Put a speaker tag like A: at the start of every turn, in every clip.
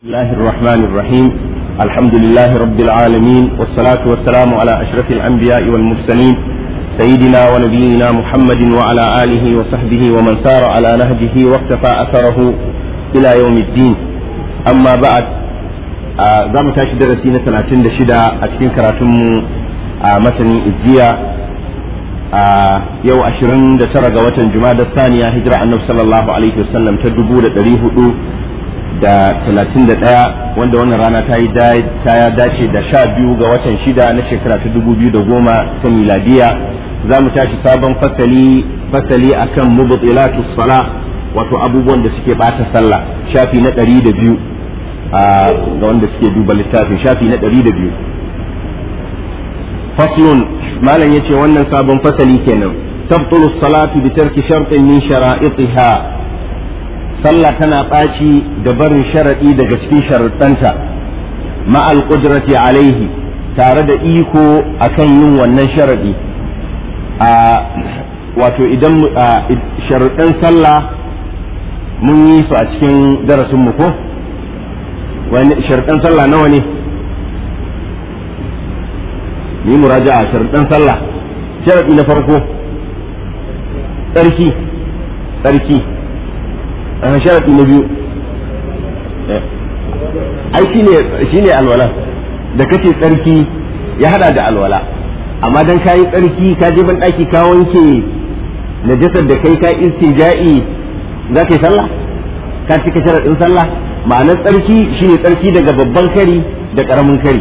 A: بسم الله الرحمن الرحيم الحمد لله رب العالمين والصلاة والسلام على أشرف الأنبياء والمرسلين سيدنا ونبينا محمد وعلى آله وصحبه ومن سار على نهجه واقتفى أثره إلى يوم الدين أما بعد za mu tashi darasi na talatin da shida a cikin karatunmu a masanin izziya a yau da tara ga watan juma'a da saniya hijira annabi ta dubu da hudu da talatin da ɗaya wanda wannan rana ta yi ta dace da sha biyu ga watan shida na shekara ta dubu biyu da goma ta miladiya za mu tashi sabon fasali fasali kan mubtilatu sala wato abubuwan da suke bata sallah shafi na da biyu. ga wanda suke duba littafin shafi na da biyu faslun malam ya ce wannan sabon fasali kenan tabtulu salatu bi tarki shartin min shara'itiha sallah tana ɓaci da barin sharaɗi daga cikin sharaɗanta ma'al ƙudurati alaihi tare da iko akan yin wannan sharaɗi a wato idan sharaɗin sallah mun yi su a cikin darasin mu ko wani sharaɗin sallah nawa ne ni muraja a sallah sharaɗi na farko tsarki tsarki a sharaɗi na biyu eh. ai shi ne alwala da kake tsarki ya hada da alwala amma dan kayi tsarki ka je ban ɗaki ka wanke najasar da kai ka istija'i za ka yi sallah ka cika sharaɗin sallah ma'anar tsarki shine tsarki daga babban kari da ƙaramin kari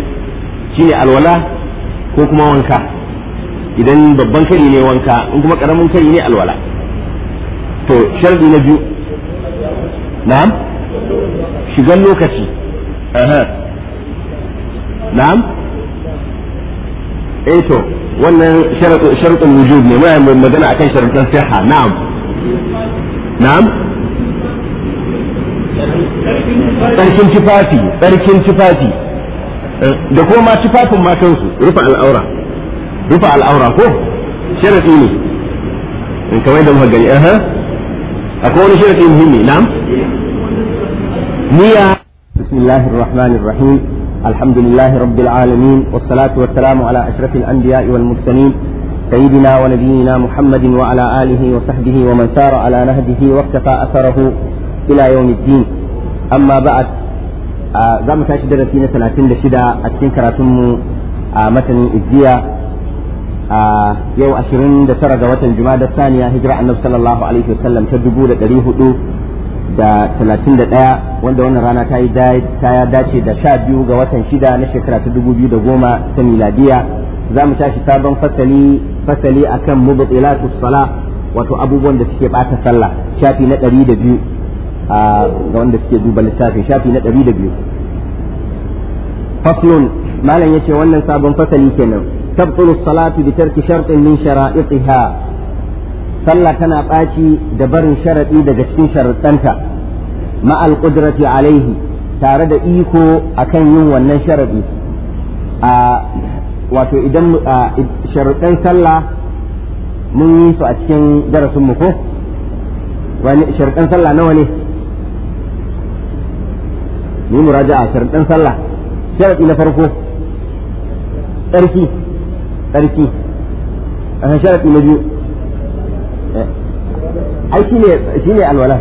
A: shine alwala ko kuma wanka idan babban kari ne wanka in kuma ƙaramin kari ne alwala to sharaɗi na biyu na'am shigan lokaci na'am eh to wannan sharuɗin wujud ne mai magana akan sharuɗin siha na'am na'am tsarkin tufafi tsarkin tufafi da kuma ma tufafin ma kansu rufe al'aura rufe al'aura ko sharaɗi ne in kamar da muka gani akwai wani sharaɗi muhimmi na'am نية بسم الله الرحمن الرحيم الحمد لله رب العالمين والصلاة والسلام على أشرف الأنبياء والمرسلين سيدنا ونبينا محمد وعلى آله وصحبه ومن سار على نهجه واقتفى أثره إلى يوم الدين أما بعد tashi darasi a cikin karatunmu a matanin a yau ashirin ga watan juma'a da saniya da talatin da ɗaya wanda wannan rana ta yi ta dace da sha biyu ga watan shida na shekara ta dubu biyu da goma ta miladiya za mu tashi sabon fasali a kan latus sala wato abubuwan da suke ɓata sallah shafi na ɗari da biyu ga wanda suke duba littafin shafi na ɗari da biyu faslun malam ya ce wannan sabon fasali kenan tabtulu salatu bi tarki shartin min shara'iha sallah tana ɓaci da barin sharaɗi daga cikin sharaɗanta ma'al ƙudrati alaihi tare da iko akan yin wannan sharaɗi a wato idan sharaɗin sallah mun yi su a cikin darasin mu ko wani sharaɗin sallah nawa ne ni a sharaɗin sallah sharaɗi na farko tsarki tsarki a sharaɗi na biyu Eh, ai shi ne alwala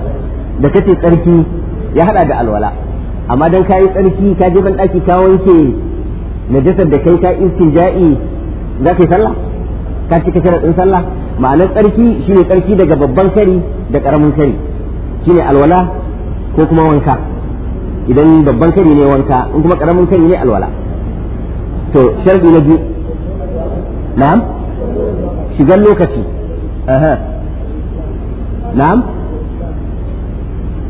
A: da kace tsarki ya hada da alwala amma dan kayi tsarki ka je ban daki ka wanke najasar da kai ka istinja'i za ka yi sallah ka ka sharadin sallah ma'anar tsarki shi ne tsarki daga babban kari da karamin kari shi ne alwala ko kuma wanka idan babban kari ne wanka in kuma karamin kari ne alwala to sharbi na biyu na'am shigar lokaci na'am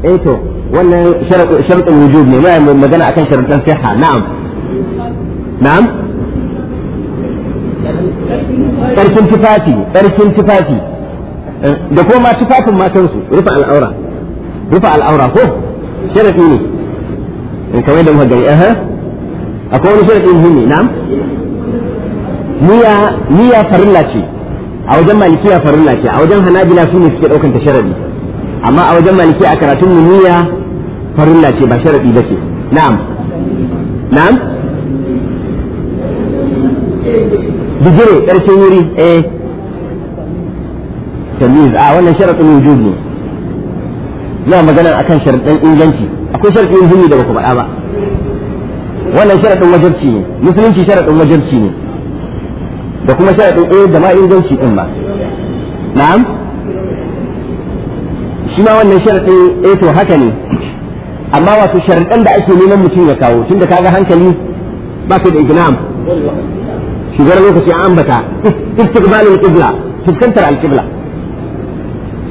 A: eh to wannan sharuɗin wujub ne mai magana akan sharuɗin siha na'am na'am ƙarfin tufafi ƙarfin tufafi da kuma tufafin matansu rufe al'aura rufe al'aura ko sharaɗi ne in kamar da muka aha akwai wani sharaɗi muhimmi na'am niyya niyya farilla ce a wajen malikiya farilla ce a wajen hanabila su ne suke ɗaukan ta sharadi amma a wajen malikiya a karatun nuniya farilla ce ba sharadi ba ce na'am na'am bijire ƙarshen wuri eh tamiz a wannan sharadin wujud ne na magana akan sharadin inganci akwai sharadin jini da ba ku ba wannan sharadin wajibci ne musulunci sharadin wajibci ne da kuma ɗin ɗaya da ma inganci din ba na'am shi ma wannan sharadin ɗaya eh, to haka ne amma wasu sharadan da ake neman mutum ya kawo tunda kaga hankali ba ka da ignam shigar lokaci an ambata istiqbalul qibla fuskantar alqibla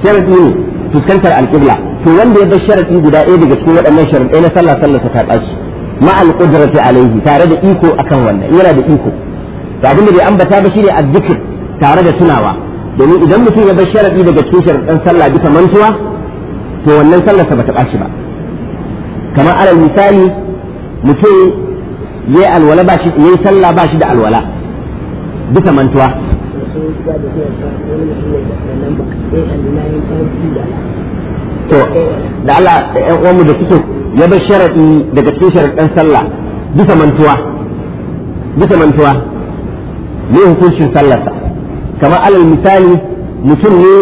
A: sharaɗi ne fuskantar alqibla to wanda ya bar sharaɗi guda ɗaya daga cikin waɗannan sharadai na sallah sallah ta ɓaci ma alqudrati alaihi tare da iko akan wannan yana da iko to abin da bai ambata ba shine azzikir tare da tunawa domin idan mutum ya bar sharadi daga cikin sharadin sallah bisa mantuwa to wannan sallarsa bata bashi ba kamar alal misali mutum yayi alwala ba shi yayi sallah ba shi da alwala bisa mantuwa to da Allah ɗan uwanmu da suke ya bar sharadi daga cikin sharadin sallah bisa mantuwa bisa mantuwa ne hukuncin sallarsa kamar alal misali mutum ne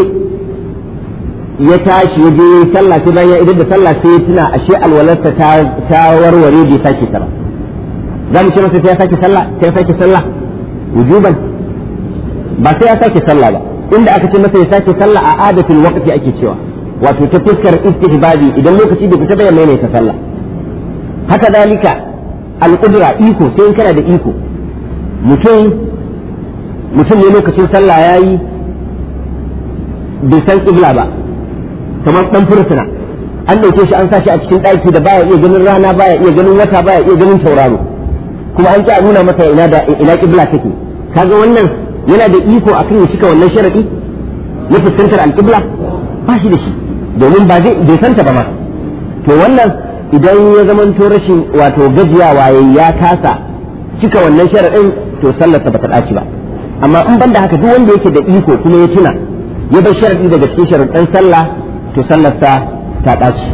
A: ya tashi ya je sallah sai bayan ya idan da sallah sai ya tuna ashe alwalarsa ta warware bai sake ta ba za mu ce masa sai ya sake sallah sai ya sake sallah wujuban ba sai ya sake sallah ba inda aka ce masa ya sake sallah a adatul waqti ake cewa wato ta fuskar istihbabi idan lokaci bai fita ba ya maimaita sallah haka dalika al-qudra iko sai in kana da iko mutum mutum ne lokacin sallah ya yi bai san ƙibla ba kamar ɗan furtuna an ɗauke shi an sashi a cikin ɗaki da baya iya ganin rana baya iya ganin wata baya iya ganin tauraro kuma an ƙi nuna masa ina da ina ƙibla take kaga wannan yana da iko akan ya cika wannan sharadi ya fuskantar alƙibla ba shi da shi domin ba zai bai santa ba ma to wannan idan ya zamanto rashin wato gajiyawa ya kasa cika wannan sharadin to sallarsa ba ta ɗaci ba amma in banda haka duk wanda yake da iko kuma ya tuna ya bar sharadi daga cikin sharadan sallah to sallarsa ta ɓaci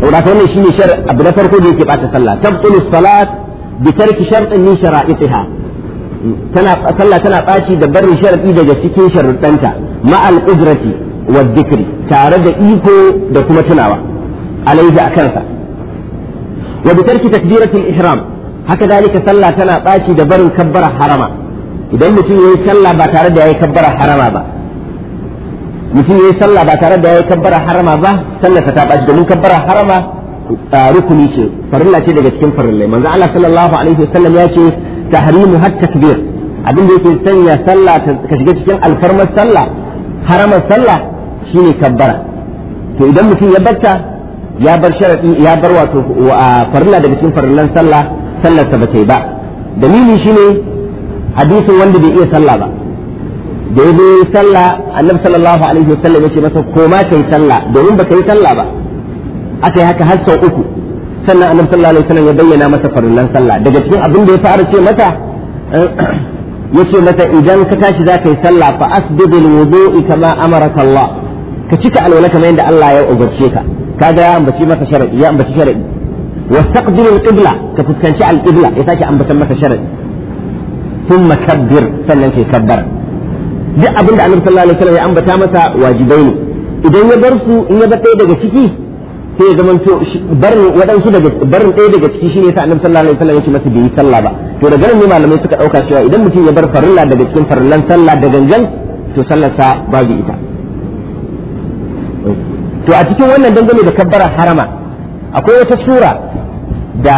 A: saboda wannan shine shar abu na farko da yake ɓata sallah tabtulu salat bi tarki shartin min shara'itiha tana sallah tana ɓaci da barin sharadi daga cikin sharadanta ma'al qudrati wa dhikri tare da iko da kuma tunawa alaihi akansa wa bi tarki takbiratul ihram haka dalika sallah tana ɓaci da barin kabbara harama idan mutum ya yi sallah ba tare da ya yi kabbara harama ba mutum ya yi sallah ba tare da ya yi kabbara harama ba sallarsa ta ɓaci domin kabbara harama rukuni ce farilla ce daga cikin farillai manzo Allah sallallahu alaihi wasallam ya ce tahrimu har takbir abin da yake sanya sallah ka shiga cikin alfarmar sallah harama sallah shine kabbara to idan mutum ya batta ya bar sharadi ya bar wato farilla daga cikin farillan sallah sallarsa ba ta ba ba dalili shine hadisin wanda bai iya sallah ba da ya yi sallah annabi sallallahu alaihi wasallam yace masa koma kai sallah domin baka yi sallah ba aka yi haka har sau uku sannan annabi sallallahu alaihi wasallam ya bayyana masa farillan sallah daga cikin abin da ya fara ce mata eh, yace mata idan ka tashi za ka yi sallah fa asbidil wudu'i kama amaraka Allah ka cika alwala kamar yadda Allah ya ubarce ka kaga ya ambaci maka sharadi ya ambaci sharadi wastaqbilil qibla ka fuskanci al-qibla ya saki ambatan maka sharadi thumma kabbir sannan kai kabbara duk abin da annabi sallallahu alaihi wasallam ya ambata masa wajibai ne idan ya bar su in ya ɗaya daga ciki sai ya zama to barin waɗansu daga barin ɗaya daga ciki shine sa annabi sallallahu sallah wasallam ya ce masa biyu sallah ba to da nan ne malamai suka ɗauka cewa idan mutum ya bar farilla daga cikin farillan sallah da gangan to sallarsa babu ita to a cikin wannan dangane da kabbara harama akwai wata sura da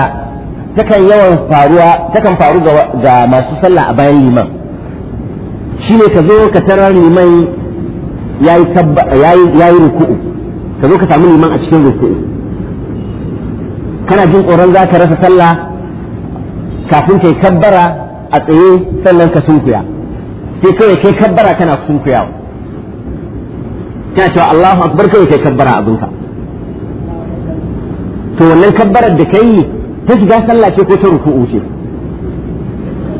A: takan yawan faruwa takan faru ga masu sallah a bayan liman ne ka zo ka tarar liman ya yi ruku'u ka zo ka samu liman a cikin ruku'u kana jin tsoron za ka rasa sallah kafin kai kabbara a tsaye sannan ka sunkuya sai kawai kai kabbara kana sunkuyawa kana cewa Allahu akbar kawai kai kabbara abinka to wannan kabbarar da kai ta shiga sallah ce ko ta ruku'u ce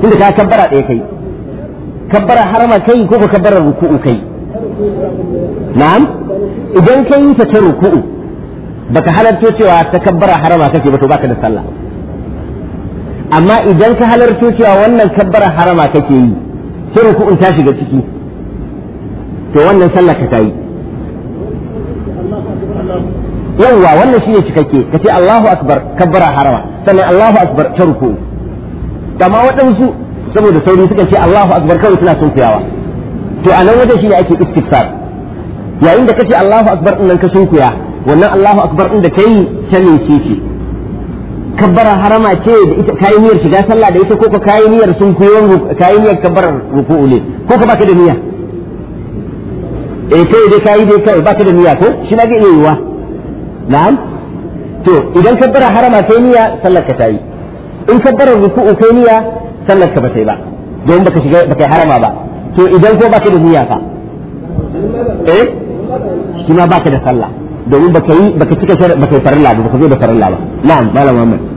A: tunda ka kabbara ɗaya kai kabbara harama kai ko ka kabbara ruku'u kai na'am idan kai ta ta ruku'u baka halarto cewa ta kabbara harama kake ba to baka da sallah amma idan ka halarto cewa wannan kabbara harama kake yi ta ruku'un ta shiga ciki to wannan sallah ka ta yi yawwa wannan shine cikakke kace Allahu akbar kabbara harama sannan Allahu akbar ta ruku amma waɗansu saboda sauri suka ce Allahu akbar kawai suna sunkuyawa to a nan wajen shine ake istifsar yayin da kace Allahu akbar din nan ka sunkuya wannan Allahu akbar din da kai ta mece ce kabbara harama ce da ita kayi niyyar shiga sallah da ita ko ka kayi niyyar sunkuyon kayi niyyar kabbara ruku'u ne ko ka baka da niyya eh kai dai kayi dai ba baka da niyya ko shi na ga iya yiwuwa na'am to idan kabbara harama sai niyya sallar ka tayi in kabbara ruku'u kai niyya sallar ka ba sai ba domin baka shiga baka harama ba to idan ko baka da niyya fa eh shi ma baka da sallah domin baka yi baka cika shar baka farilla ba baka zo da farilla ba na'am malam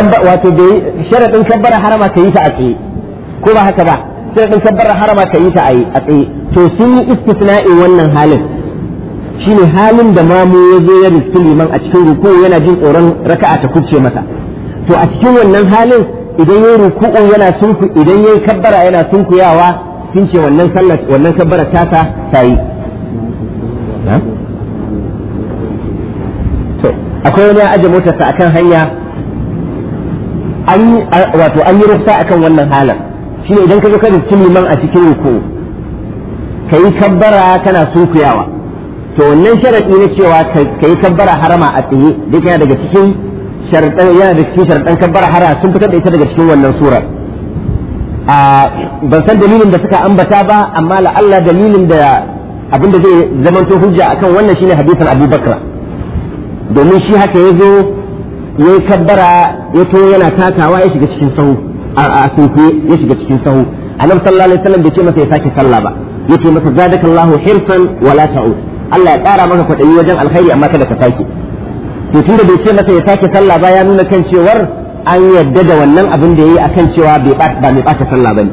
A: Muhammad wato da sharadin kabbara harama ka yi ta a tsaye ko ba haka ba sai ɗin kabbar harama ka yi ta a yi a tsaye to sun yi istisna'in wannan halin shine halin da mamu ya zo ya riski liman a cikin ruku yana jin tsoron raka'a ta kubce masa to a cikin wannan halin idan ya ruku'u yana sunku idan yi kabbara yana sunkuyawa sun ce wannan sallar wannan kabbara ta sa ta yi. akwai wani aje motarsa akan hanya an wato an yi rufsa akan wannan halin shi ne idan ka zo ka liman a cikin ruku ka yi kabbara kana sunkuyawa to wannan sharaɗi na cewa ka yi kabbara harama a tsaye duk yana daga cikin sharɗan da cikin sharɗan kabbara harama sun fitar da ita daga cikin wannan surar a ban san dalilin da suka ambata ba amma la'alla dalilin da abinda zai zamanto hujja akan wannan shine hadisin abubakar domin shi haka ya zo ya yi kabbara ya to yana takawa ya shiga cikin sahu a sunkuye ya shiga cikin sahu annabi sallallahu alaihi wasallam bai ce masa ya sake sallah ba Ya ce masa zadakallahu hirsan wala ta'ud Allah ya ƙara maka kwaɗayi wajen alkhairi amma kada ka sake to tunda bai ce masa ya sake sallah ba ya nuna kan cewar an yadda da wannan abin da yayi akan cewa bai ba mai ɓata sallah bane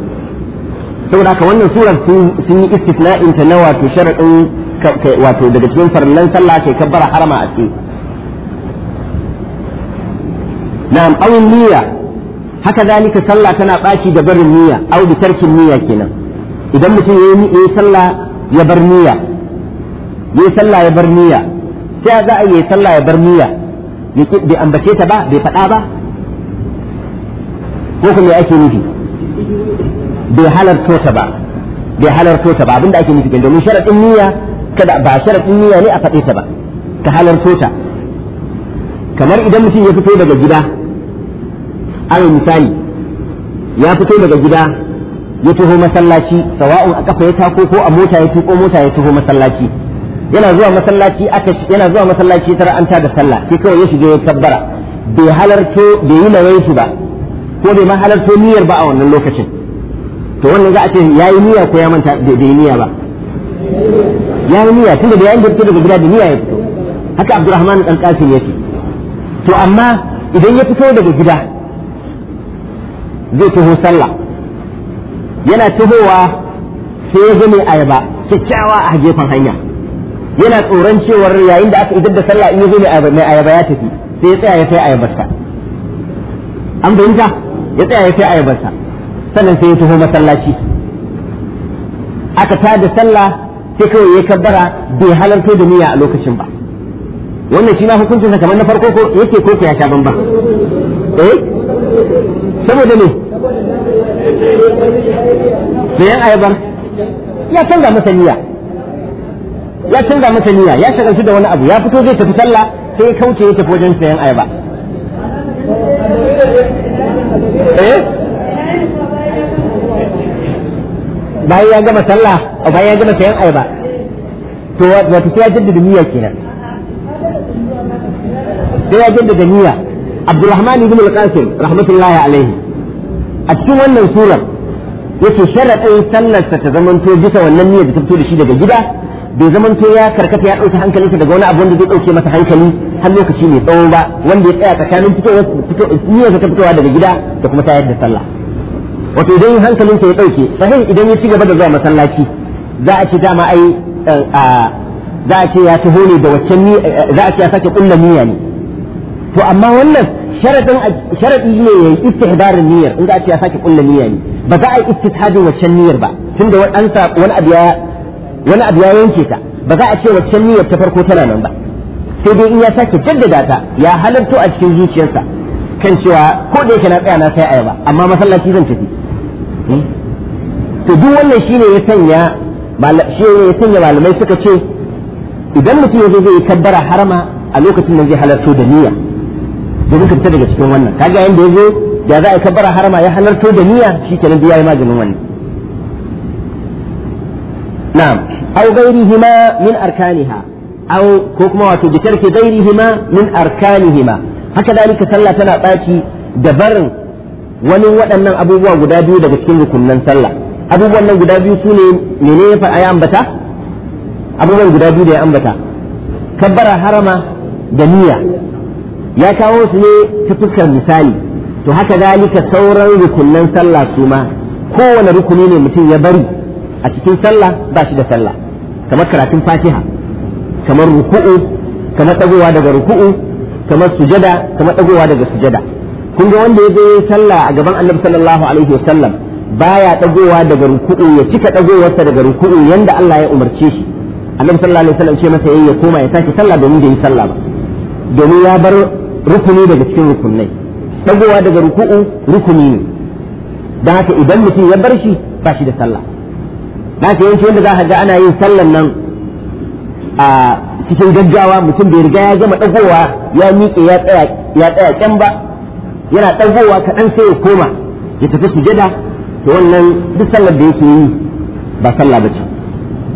A: saboda haka wannan surar sun yi istisna'in ta na wato sharadin wato daga cikin farillan sallah kai kabbara harama a ce na'am awin niyya haka zalika sallah tana baki da barin niyya au da tarkin niyya kenan idan mutum ya yi sallah ya bar niyya ya yi sallah ya bar niyya sai za a yi sallah ya bar niyya bai ambace ta ba bai faɗa ba ko kuma ake nufi bai halarto ta ba bai halarto ta ba abinda ake nufi domin sharaɗin niyya kada ba sharaɗin niyya ne a faɗe ta ba ka halarto ta kamar idan mutum ya fito daga gida alal misali ya fito daga gida ya taho masallaci sawa'un a kafa ya tako ko a mota ya tuko mota ya taho masallaci yana zuwa masallaci aka yana zuwa masallaci tara an da sallah sai kawai ya shiga ya tabbara bai halarto bai yi nawaitu ba ko bai ma halarto niyyar ba a wannan lokacin to wannan za a ce yayi niyya ko ya manta bai niyya ba yayi niyya tunda bai fito daga gida da niyya ya fito haka Abdurrahman dan Qasim yake to amma idan ya fito daga gida zai taho sallah yana tuhowa sai ya ga ayaba kyakkyawa a gefen hanya yana tsoron cewar yayin da aka idar da sallah in ya zo mai ayaba ya tafi sai ya tsaya ya sai ayabarsa an bayyanta ya tsaya ya sai ayabarsa sannan sai ya taho masallaci aka tada sallah sai kawai ya kabbara bai halarta da niyya a lokacin ba wannan shi na hukuncin sa kamar na farko ko yake ko ya sha bamban eh saboda ne da yan ayabar ya canza masa niyya ya canza masa niyya ya su da wani abu ya fito zai tafi sallah sai ya kauce ya tafi wajen sayan ayaba
B: eh bayan ya gama sallah a oh, bayan ya gama sayan ayaba
A: to wato sai ya jaddada niyya kenan sai ya jaddada niyya Abdulrahman ibn al-Qasim rahmatullahi alaihi a cikin wannan surar yace sharaɗin sallarsa ta zamanto bisa wannan niyyar da ta fito da shi daga gida bai zamanto ya karkata ya ɗauki hankalinsa daga wani abu wanda zai ɗauke masa hankali har lokaci mai tsawo ba wanda ya tsaya tsakanin niyyarsa ta fitowa daga gida da kuma tayar da sallah wato idan hankalinsa ya ɗauke sahih idan ya ci gaba da zuwa masallaci za a ce dama ai eh, za a ce ya taho ne da waccan eh, za a ce ya sake kulla niyya ne to amma wannan sharadin sharadi ne ya yi istihbarin niyyar in za a ce ya sake kulla niyya ne ba za a yi istihadin waccan niyyar ba tunda wani wani abu ya wani abu ya yanke ta ba za a ce waccan niyyar ta farko tana nan ba sai dai in ya sake jaddada ta ya halarto a cikin zuciyarsa kan cewa ko da yake na tsaya na sai ayaba amma masallaci zan tafi hmm? to duk wannan shine ya sanya shine ya sanya malamai suka ce idan mutum ya zo zai kabbara harama a lokacin da zai halarto da niyya domin ka fita daga cikin wannan kaga yanda ya zo da za a bara harama ya halarto da niyya shikenan biya maganin wannan na'am aw ghairihima min arkaniha aw ko kuma wato bi tarki ghairihima min arkanihima haka dalika sallah tana baki da barin wani waɗannan abubuwa guda biyu daga cikin rukunnan sallah abubuwan nan guda biyu su ne mene ya ya ambata abubuwan guda biyu da ya ambata kabbara harama da niyya ya kawo su ne ta fuskar misali to haka zalika sauran rukunan sallah su ma kowane rukuni ne mutum ya bari a cikin sallah ba shi da sallah kamar karatun fatiha kamar ruku'u kamar tagowa daga ruku'u kamar sujada kamar tagowa daga sujada kun ga wanda ya zo sallah a gaban annabi sallallahu alaihi wasallam baya tagowa daga ruku'u ya cika dagowarsa daga ruku'u yanda Allah ya umarce shi annabi sallallahu alaihi wasallam ce masa yayi ya koma ya tashi sallah domin bai yi sallah ba domin ya bar rukuni daga cikin rukunai dagowa daga ruku'u rukuni ne da haka idan mutum ya bar shi ba shi da sallah Da ce yanci wanda za ka ga ana yin sallan nan a cikin gaggawa mutum bai riga ya gama dagowa ya miƙe ya tsaya ya kyan ba yana dagowa kaɗan sai ya koma ya tafi sujada to wannan duk sallar da yake yi ba sallah ba ce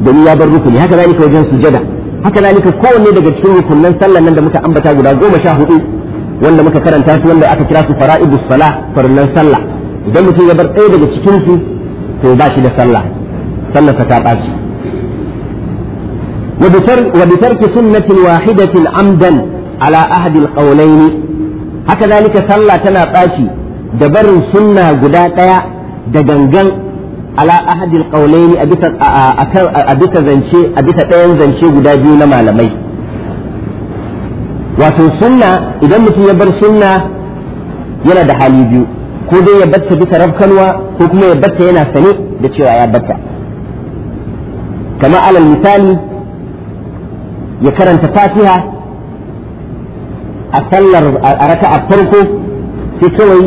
A: domin ya bar rukuni haka zalika wajen sujada haka zalika kowanne daga cikin rukunan sallar nan da muka ambata guda goma sha hudu wanda muka karanta su wanda aka kira su fara'idus salah farnan sallah idan mutum ya bar ɗaya daga cikin su to ba shi da sallah sallah ta ɓaci wa bi tarki sunnatin wahidatin amdan ala ahadi alqawlaini haka zalika sallah tana ɓaci da barin sunna guda ɗaya da gangan ala ahadi alqawlaini a a bisa zance a bisa ɗayan zance guda biyu na malamai wato sunna idan mutum ya bar sunna yana da hali biyu ko dai ya batta bisa rafkanwa ko kuma ya batta yana sane da cewa ya batta kama alal misali ya karanta fatiha a sallar a raka a farko sai kawai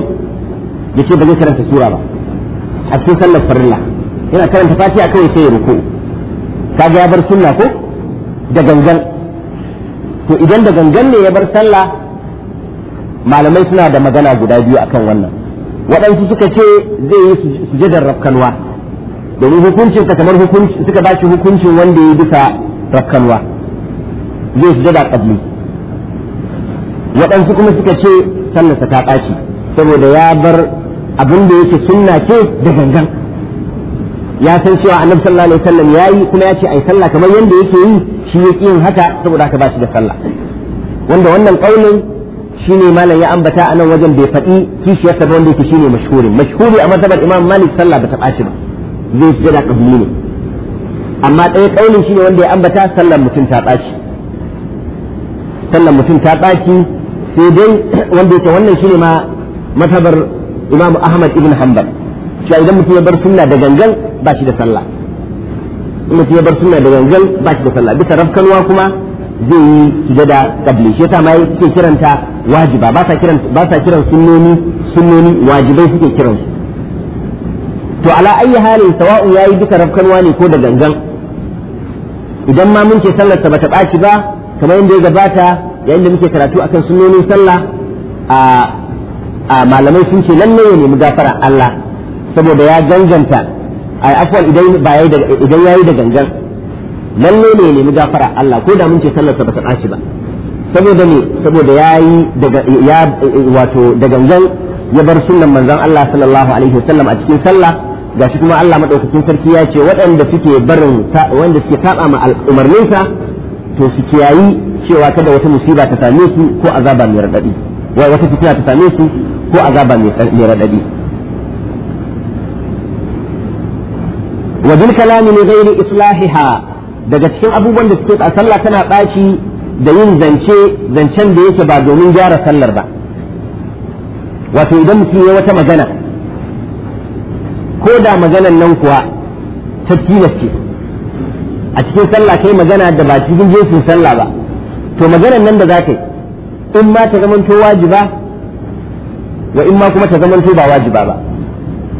A: ya ce ba zai karanta sura ba a cikin sallar farilla yana karanta fatiha kawai sai ya ruku kaga ya bar sunna ko da gangan to idan da gangan ne ya bar sallah malamai suna da magana guda biyu akan wannan waɗansu suka ce zai yi sujadar rafkanwa domin hukuncin ka kamar hukunci suka ba shi hukuncin wanda ya bisa rafkanwa zai sujada qabli waɗansu kuma suka ce sallarsa ta ɓaci saboda ya bar abin da yake sunna ce da gangan ya san cewa annabi sallallahu alaihi wasallam yayi kuma ya ce ai sallah kamar yanda yake yi shi ya yin haka saboda haka ba shi da sallah wanda wannan kaulin shine malam ya ambata a nan wajen bai faɗi kishiyarsa ba wanda yake shine mashhuri mashhuri a mazhabar imam malik sallah ba ta ɓaci ba zai sujada qabli ne amma ɗaya kaulin shine wanda ya ambata sallar mutum ta ɓaci sallar mutum ta ɓaci sai dai wanda yake wannan shine ma mazhabar imam ahmad ibn hanbal cewa idan mutum ya bar sunna da gangan ba shi da sallah in mutum ya bar sunna da gangan ba shi da sallah bisa rafkanwa kuma zai yi sujada qabli shi ta mai suke kiranta wajiba ba sa kiran ba sa kiran sunnoni sunnoni wajibai suke kiran su to ala ayi halin sawa'u yayi duka rafkanwa ne ko da gangan idan ma mun ce sallar sa bata baci ba kamar yadda ya gabata yayin da muke karatu akan sunnonin sallah a a malamai sun ce lalle ya nemi gafara Allah saboda ya ganganta a afwal idan ba yayi da idan yayi da gangan lalle ne nemi gafara Allah ko da mun ce sallarsa ba ta ba saboda ne saboda yayi daga ya wato da gangan ya bar sunnan manzon Allah sallallahu alaihi wasallam a cikin sallah gashi kuma Allah madaukakin sarki ya ce waɗanda suke barin wanda suke saba ma umarninsa to su kiyayi cewa kada wata musiba ta same su ko azaba mai radadi wai wata fitina ta same su ko azaba mai radadi wa bil kalami li ghairi islahiha daga cikin abubuwan da suke sallah tana baci da yin zance zancen da yake ba domin gyara sallar ba wato idan mutum ya wata magana ko da maganan nan kuwa ta ce a cikin sallah kai magana da ba cikin jinsin sallah ba to maganan nan da za ta yi in ma ta zamanto wajiba wa in ma kuma ta zamanto ba wajiba ba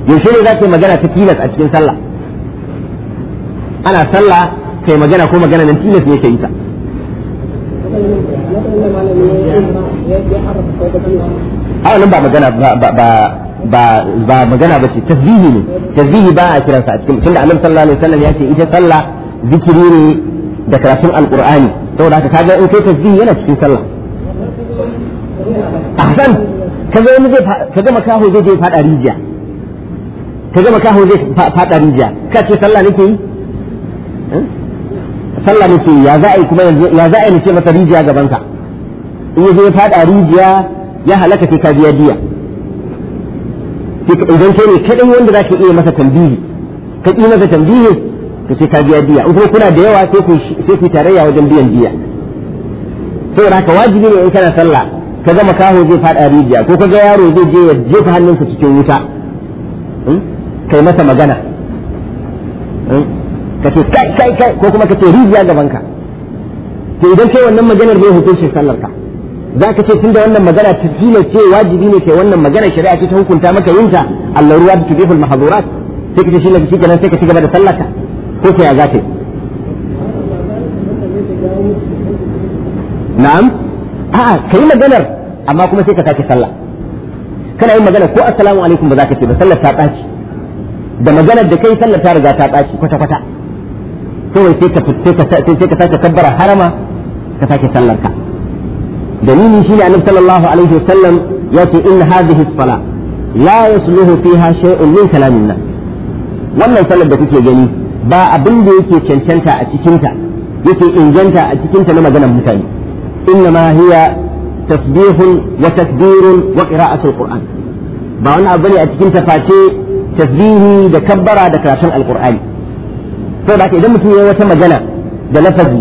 A: yaushe ne za ta yi magana ta tilas a cikin sallah ana sallah kai magana ko magana nan tilas ne ka yi ta a nan ba magana ba ba ba magana ba ce tasbihi ne tasbihi ba a kiransa a cikin tunda annabi sallallahu alaihi wasallam ya ce ita sallah zikiri ne da karatun alqur'ani saboda haka kaga in kai tasbihi yana cikin sallah ahsan kaga wani zai kaga makaho zai je fada rijiya kaga makaho zai fada rijiya ka ce sallah nake yi sallah nake ya za a yi kuma ya za a yi nace masa rijiya gaban ka in yi ya fada rijiya ya halaka ta ka biya diya idan kai ne kadai wanda za ka iya masa tambihi ka ƙi masa tambihi ka ce ka biya diya in kuma kuna da yawa sai ku tarayya wajen biyan diya da haka wajibi ne in kana sallah ka zama kaho zai fada rijiya ko ka ga yaro zai je ya jefa hannunsa cikin wuta hmm? kai masa magana hmm? ka ce kai kai kai ko kuma ka ce rijiya gaban ka to idan kai wannan maganar bai hukunci sallar ka za ka ce tunda wannan magana ta ne ce wajibi ne kai wannan magana shari'a ce ta hukunta maka yin ta Allah ruwa da tudiful mahdurat sai ka ce shi ne shi kenan sai ka ci gaba da sallar ka ko sai ya za ka na'am a'a kai maganar amma kuma sai ka sake sallah kana yin magana ko assalamu alaikum ba za ka ce ba sallar ta ɓaci da maganar da kai sallar ta riga ta ɓaci kwata-kwata kawai sai ka sake kabbara harama ka sake sallar ka dalili shine annabi sallallahu alaihi wasallam ya ce in hadhihi as-sala la yasluhu fiha shay'un min kalamin wannan sallar da kuke gani ba abin da yake cancanta a cikin ta yake inganta a cikin ta na maganar mutane innama ma hiya tasbihun wa takbirun wa qira'atul qur'an ba wani abu ne a cikin ta face tasbihi da kabbara da karatun alqur'ani sau haka idan mutum yayi wata magana da lafazi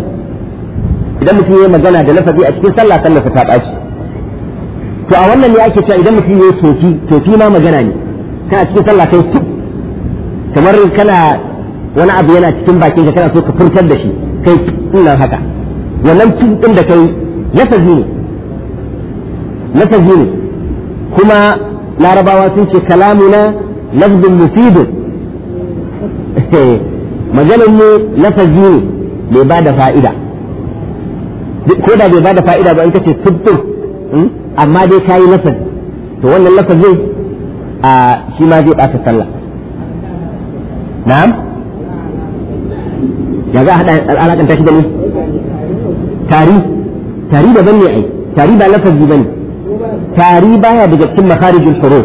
A: idan mutum yayi magana da lafazi a cikin sallah sallarsa ta ɓaci to a wannan ne ake cewa idan mutum yayi tofi tofi ma magana ne kana cikin sallah kai tuk kamar kana wani abu yana cikin bakin ka kana so ka furtar da shi kai tunan haka wannan tuk din da kai lafazi ne lafazi ne kuma larabawa sun ce kalamuna lafzun mufidun eh, maganar ne lafazi ne bai ba da fa'ida ko da bai ba da fa'ida ba in kace fiddin hmm, amma dai ka yi lafazi to wannan lafazin a shi ma zai ɓata sallah na'am ya za a haɗa alalakan tashi da ne tari tari daban ne ai tari ba lafazi ba ne tari baya daga cikin makarijin furo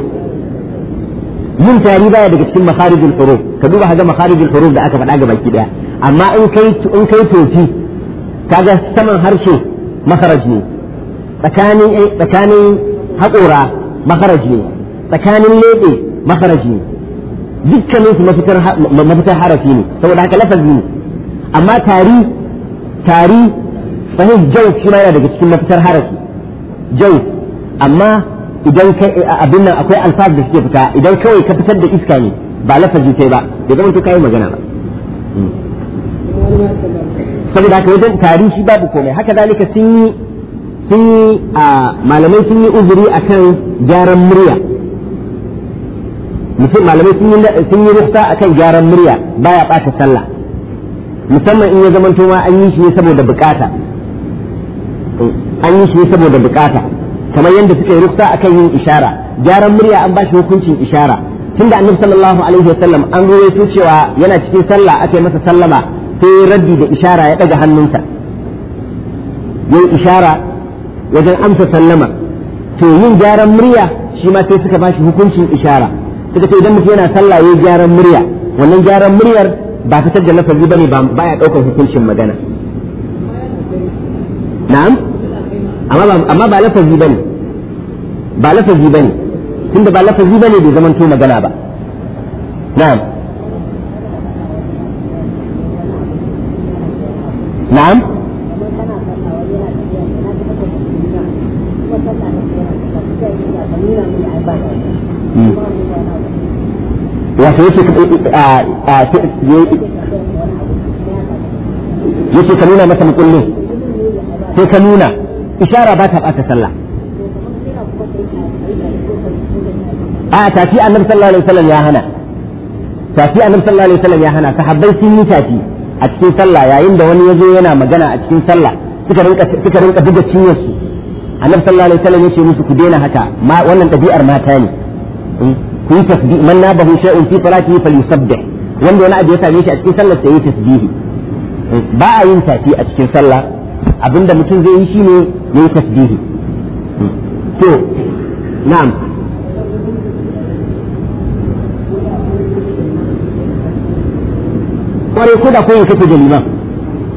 A: yin tari baya daga cikin makharijul huruf ka duba haga makharijul huruf da aka faɗa ga baki daya amma in kai in kai tofi kaga saman harshe makharaj ne tsakanin eh, tsakanin haƙora makharaj ne tsakanin lebe makharaj ne dukkanin su mafitar mafitar harafi ne saboda haka lafazi ne amma tari tari sahih jaw shi ma yana daga cikin mafitar harafi jaw amma idan a abin nan akwai alfaz da suke fita idan kawai ka fitar da iska ne ba lafazi kai ba da zaman to kai magana ba hmm. saboda haka wajen tarihi babu komai haka zalika sun yi sun yi a malamai sun yi uzuri akan gyaran murya mutum malamai sun yi sun yi rufsa akan gyaran murya baya bata sallah musamman in ya to ma an yi shi ne saboda bukata hmm. an yi shi ne saboda bukata kamar yadda suka yi ruksa akan yin ishara gyaran murya an bashi hukuncin ishara tunda annabi sallallahu alaihi wasallam an ruwaito cewa yana cikin sallah aka yi masa sallama sai raddi da ishara ya daga hannunsa yin ishara wajen amsa sallama to yin gyaran murya shi ma sai suka bashi hukuncin ishara suka ce idan mutum yana sallah yayi gyaran murya wannan gyaran muryar ba fitar da lafazi bane ba baya daukar hukuncin magana na'am amma ba lafazi bane ba lafazi bane tunda ba lafazi bane bai zamanto magana ba na'am na'am hmm.
B: wato yake
A: yake ka nuna masa mukullin sai ka nuna ishara ba ta bata sallah a tafi annabi sallallahu alaihi wasallam ya hana tafi annabi sallallahu alaihi wasallam ya hana sahabbai sun yi tafi a cikin sallah yayin da wani yazo yana magana a cikin sallah suka rinka suka rinka buga cinyar su annabi sallallahu alaihi wasallam yace musu ku daina haka ma wannan dabi'ar mata ne hmm? ku yi tasbih man bahu shay'un fi salatihi falyusabbih wanda wani abu ya same shi a cikin sallar sai ya tasbihi hmm? ba a yin tafi a cikin sallah abinda mutum zai yi shine من
B: tasbihi تو نعم kwarai ko da koyin
A: kake da liman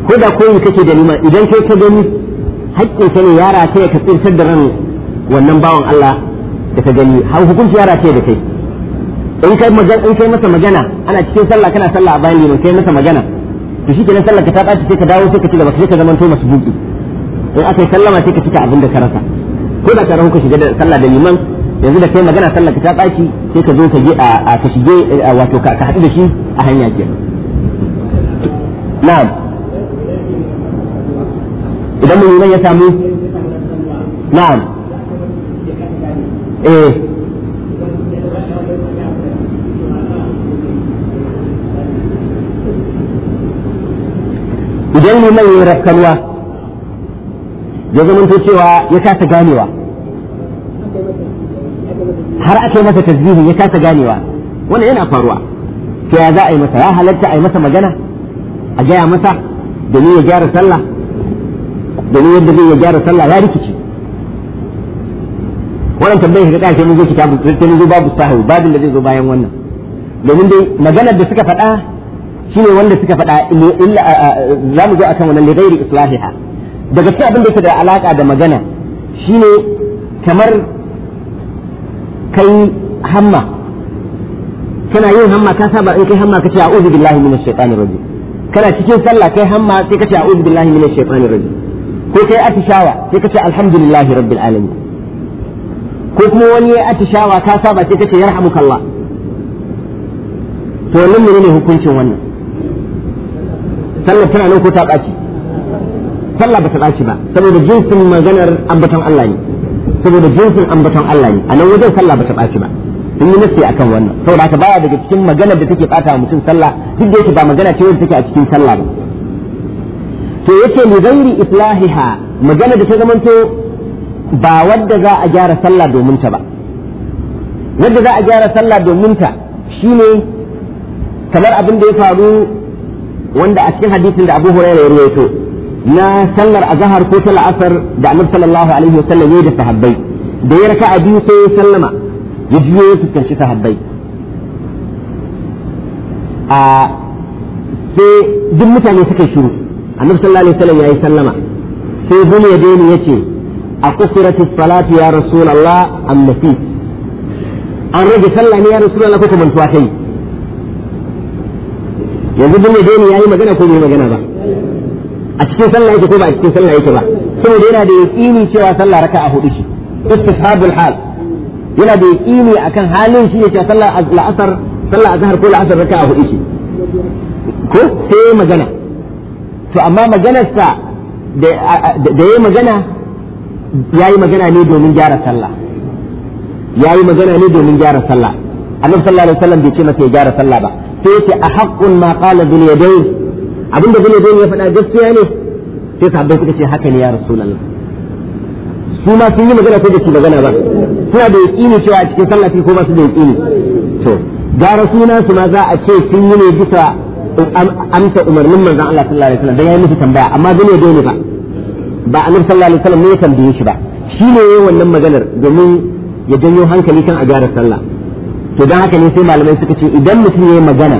A: ko da koyin kake da liman idan kai ka gani haƙƙin sa ne yara sai ka tsirtar da ran wannan bawan Allah da ka gani har hukunci yara sai da kai in kai magana in kai masa magana ana cikin sallah kana sallah a bayan liman kai masa magana to shi kenan sallar ka ta ɓaci sai ka dawo sai ka ci gaba sai ka to masu buki in aka sallama sai ka cika abin da ka rasa ko da ka rahu ka shiga da sallah da liman yanzu da kai magana sallah ka ta tsaki sai ka zo ka je a ka shige wato ka haɗu da shi a hanya ke
B: na'am idan mun liman ya samu na'am eh
A: idan liman ya rakkalwa ya zamanto cewa ya kasa ganewa har ake masa tasbihi ya kasa ganewa wannan yana faruwa to ya za a yi masa ya halatta a yi masa magana a gaya masa domin ya gyara sallah domin yadda zai ya gyara sallah ya rikici wannan tambayar ka kai mun zo kitabu sai mun zo babu sahibi babin da zai zo bayan wannan domin dai maganar da suka faɗa shine wanda suka faɗa illa za mu zo akan wannan li ghairi islahiha daga cikin abin da yake da alaka da magana shine kamar kai hamma kana yin hamma ka saba in kai hamma kace a'udhu billahi minash shaitanir rajim kana cikin sallah kai hamma sai kace a'udhu billahi minash shaitanir rajim ko kai atishawa sai kace alhamdulillahi rabbil alamin ko kuma wani ya atishawa ka saba sai kace yarhamukallah to wannan menene hukuncin wannan sallar tana nan ko ta ɓaci sallah ta ɓaci ba saboda jinsin maganar ambaton Allah ne saboda jinsin ambaton Allah ne a nan wajen sallah ta ɓaci ba sun yi nasi akan wannan saboda haka baya daga cikin maganar da take ɓata mutum sallah duk da yake ba magana ce wanda take a cikin sallah ba to yace li ghairi islahiha magana da ta zamanto ba wadda za a gyara sallah domin ta ba wadda za a gyara sallah domin ta shine kamar abin da ya faru wanda a cikin hadisin da Abu Hurairah ya rawaito na sallar azhar ko ta la'asar da annabi sallallahu alaihi wasallam yayi da sahabbai da ya raka'a biyu sai ya sallama ya juyo ya fuskanci sahabbai a sai duk mutane suka shiru annabi sallallahu alaihi wasallam yayi sallama sai bin ya dani yace a kusurati salatu ya rasulullah am nafi an rage sallah ne ya rasulullah ko kuma mantuwa kai yanzu bin ya dani yayi magana ko bai magana ba a cikin sallah yake ko ba a cikin sallah yake ba saboda yana da yaqini cewa sallah raka a hudu ce istishabul hal yana da yaqini akan halin shi ne cewa sallah al-asr sallah azhar ko al-asr a hudu ce ko sai magana to amma maganarsa da yayi magana yayi magana ne domin gyara sallah yayi magana ne domin gyara sallah annabi sallallahu alaihi wasallam bai ce masa ya gyara sallah ba sai yace a haqqun ma qala bil yadayn abinda bin zai ya faɗa gaskiya ne sai sahabbai suka ce haka ne ya rasulullah su ma sun yi magana ko da su magana ba suna da yaƙini cewa a cikin sallah ko ba su da yaƙini to gara suna su ma za a ce sun yi ne bisa amsa umarnin manzon Allah sallallahu alaihi wasallam da ya yi musu tambaya amma bin zai ne ba ba annabi sallallahu alaihi wasallam ne ya tambaye shi ba shi ne yayin wannan maganar domin ya janyo hankali kan a gyara sallah to dan haka ne sai malamai suka ce idan mutum ya yi magana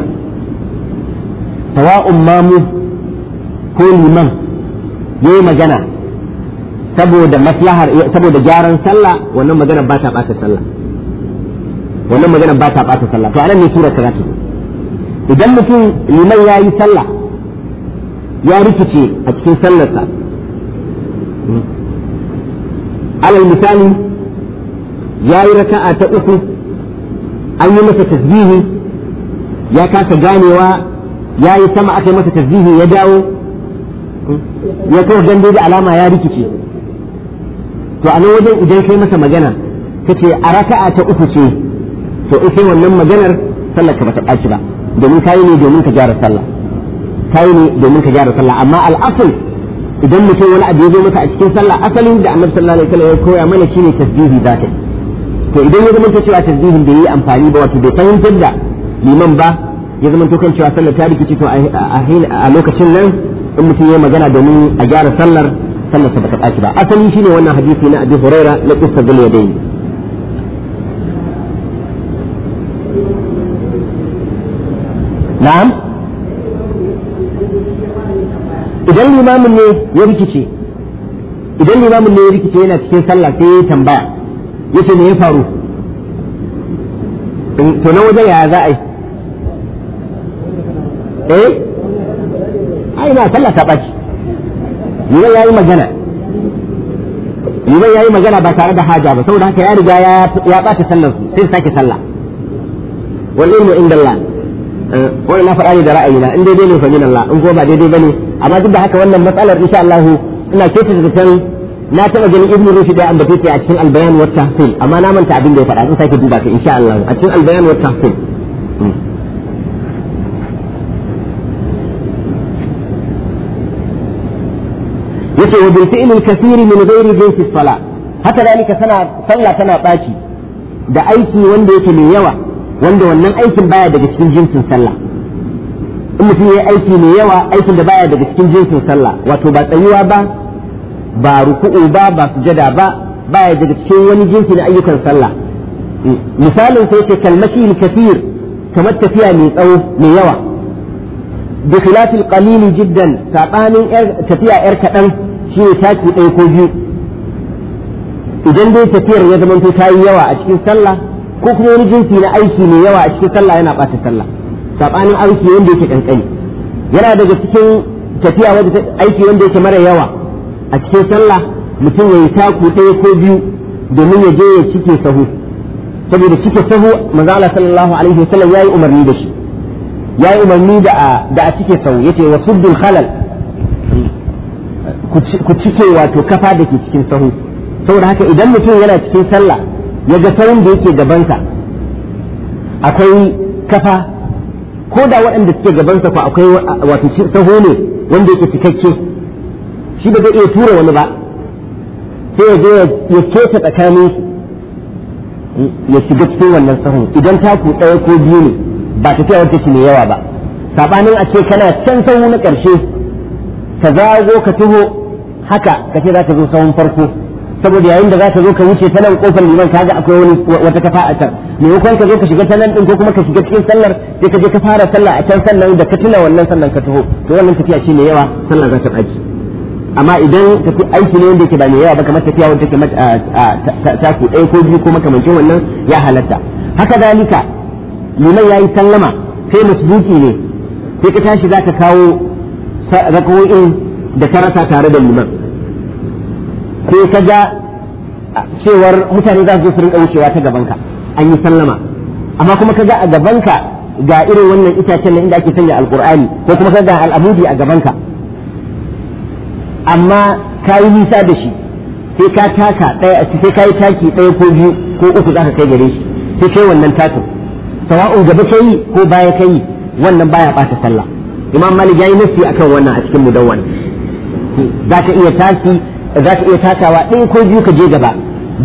A: sawa'un mamu ko liman ya yi magana saboda maslahar saboda gyaran sallah wannan magana ba ta ɓata sallah wannan magana ba ta ɓata sallah to anan ne tura karatu idan mutum liman ya yi sallah ya rikice a cikin sallarsa alal misali ya yi raka'a ta uku an yi masa tasbihi ya kasa ganewa ya yi sama aka yi masa tasbihi ya dawo ya kai gande da alama ya rikice to a nan wajen idan kai masa magana ka ce a raka'a ta uku ce to in sai wannan maganar sallar ka bata ɓaci ba domin kayi ne domin ka gyara sallah kayi ne domin ka gyara sallah amma al'asul idan mutum wani abu ya zo masa a cikin sallah asalin da annabi sallallahu alaihi wasallam ya koya mana shine tasbihi zaka to idan ya zama cewa tasbihin bai yi amfani ba wato bai fahimtar da liman ba ya zama to kan cewa sallar ta rikici to a lokacin nan in mutum ya magana domin a gyara sallar sallar ba ta ɓaci ba asali shine wannan hadisi na abi huraira na qissa zul yadayn na'am idan limamin ne ya rikice idan limamin ne ya rikice yana cikin sallah sai ya tambaya yace me ya faru to na wajen yaya za a yi eh ai na sallah ta baci yiwa yayi magana yayi magana ba tare da haja ba saboda haka ya riga ya ya bata sallar su sai sake sallah wal ilmu Allah ko eh, na faɗa ne da ra'ayina in daidai ne fa min Allah in ko ba daidai bane amma duk da haka wannan matsalar insha Allah ina kyautata da san na taɓa ganin ibn rushd ya ambace ta a cikin albayan wa tahsil amma na manta abin da ya faɗa sai sake duba ka insha Allah a cikin albayan wa tahsil hmm. yace wa bil fi'l kathir min ghairi jinsi salat haka dalika tana sallah tana baci da aiki wanda yake mai yawa wanda wannan aikin baya daga cikin jinsin sallah in mutum ya aiki mai yawa aikin da baya daga cikin jinsin sallah wato ba tsayuwa ba ba ruku'u ba ba sujada ba baya daga cikin wani jinsi na ayyukan sallah misalin sai ce kalmashi kafir kamar tafiya mai tsawo mai yawa bi khilafil qalili jiddan sabanin tafiya yar kadan shi ne taki ɗaya ko biyu idan dai tafiyar ya zamanto ta yi yawa a cikin sallah ko kuma wani jinsi na aiki mai yawa a cikin sallah yana ɓata sallah saɓanin aiki wanda yake ƙanƙani yana daga cikin tafiya wanda aiki wanda yake mara yawa a cikin sallah mutum ya yi taku ɗaya ko biyu domin ya je ya cike sahu saboda cike sahu manzo Allah sallallahu alaihi wasallam yayi umarni da shi yayi umarni da a cike sahu yace wasuddul khalal ku cike wato kafa da ke cikin sahu saboda haka idan mutum yana cikin sallah ya ga sahun da yake gabansa akwai kafa ko da waɗanda suke gabansa ko akwai wato saho ne wanda yake cikakke shi ba zai iya tura wani ba sai ya je ya keta tsakanin su ya shiga cikin wannan sahun idan taku ɗaya ko biyu ne ba tafiya wata shi mai yawa ba saɓanin a ce kana can sahu na ƙarshe ka zago ka taho haka ka ce za ka zo sawun farko saboda yayin da za ka zo ka wuce ta nan kofar liman ga akwai wani wata kafa a can maimakon ka zo ka shiga ta nan din ko kuma ka shiga cikin sallar sai ka je ka fara sallah a can sannan da ka tuna wannan sannan ka taho to wannan tafiya ce mai yawa sallah za ta ɓaci amma idan tafi aiki ne wanda yake ba mai yawa ba kamar tafiya wanda take ta ku ɗaya ko biyu ko makamancin wannan ya halatta haka dalika liman yayi sallama sai masbuki ne sai ka tashi za ka kawo rakawo'in da ta rasa tare da liman ko ka ga cewar mutane za su su rinka wucewa ta gabanka an yi sallama amma kuma ka ga a gabanka ga irin wannan itacen nan inda ake sanya alkur'ani ko kuma ka ga al'amudi a gabanka amma ka yi nisa da shi sai ka taka ɗaya sai ka yi taki ɗaya ko biyu ko uku za ka kai gare shi sai kai wannan takin sawa'un gaba kai ko baya kai wannan baya ɓata sallah imam malik yi nasi akan wannan a cikin mudawwan za ka iya za ka iya takawa ɗaya ko biyu ka je gaba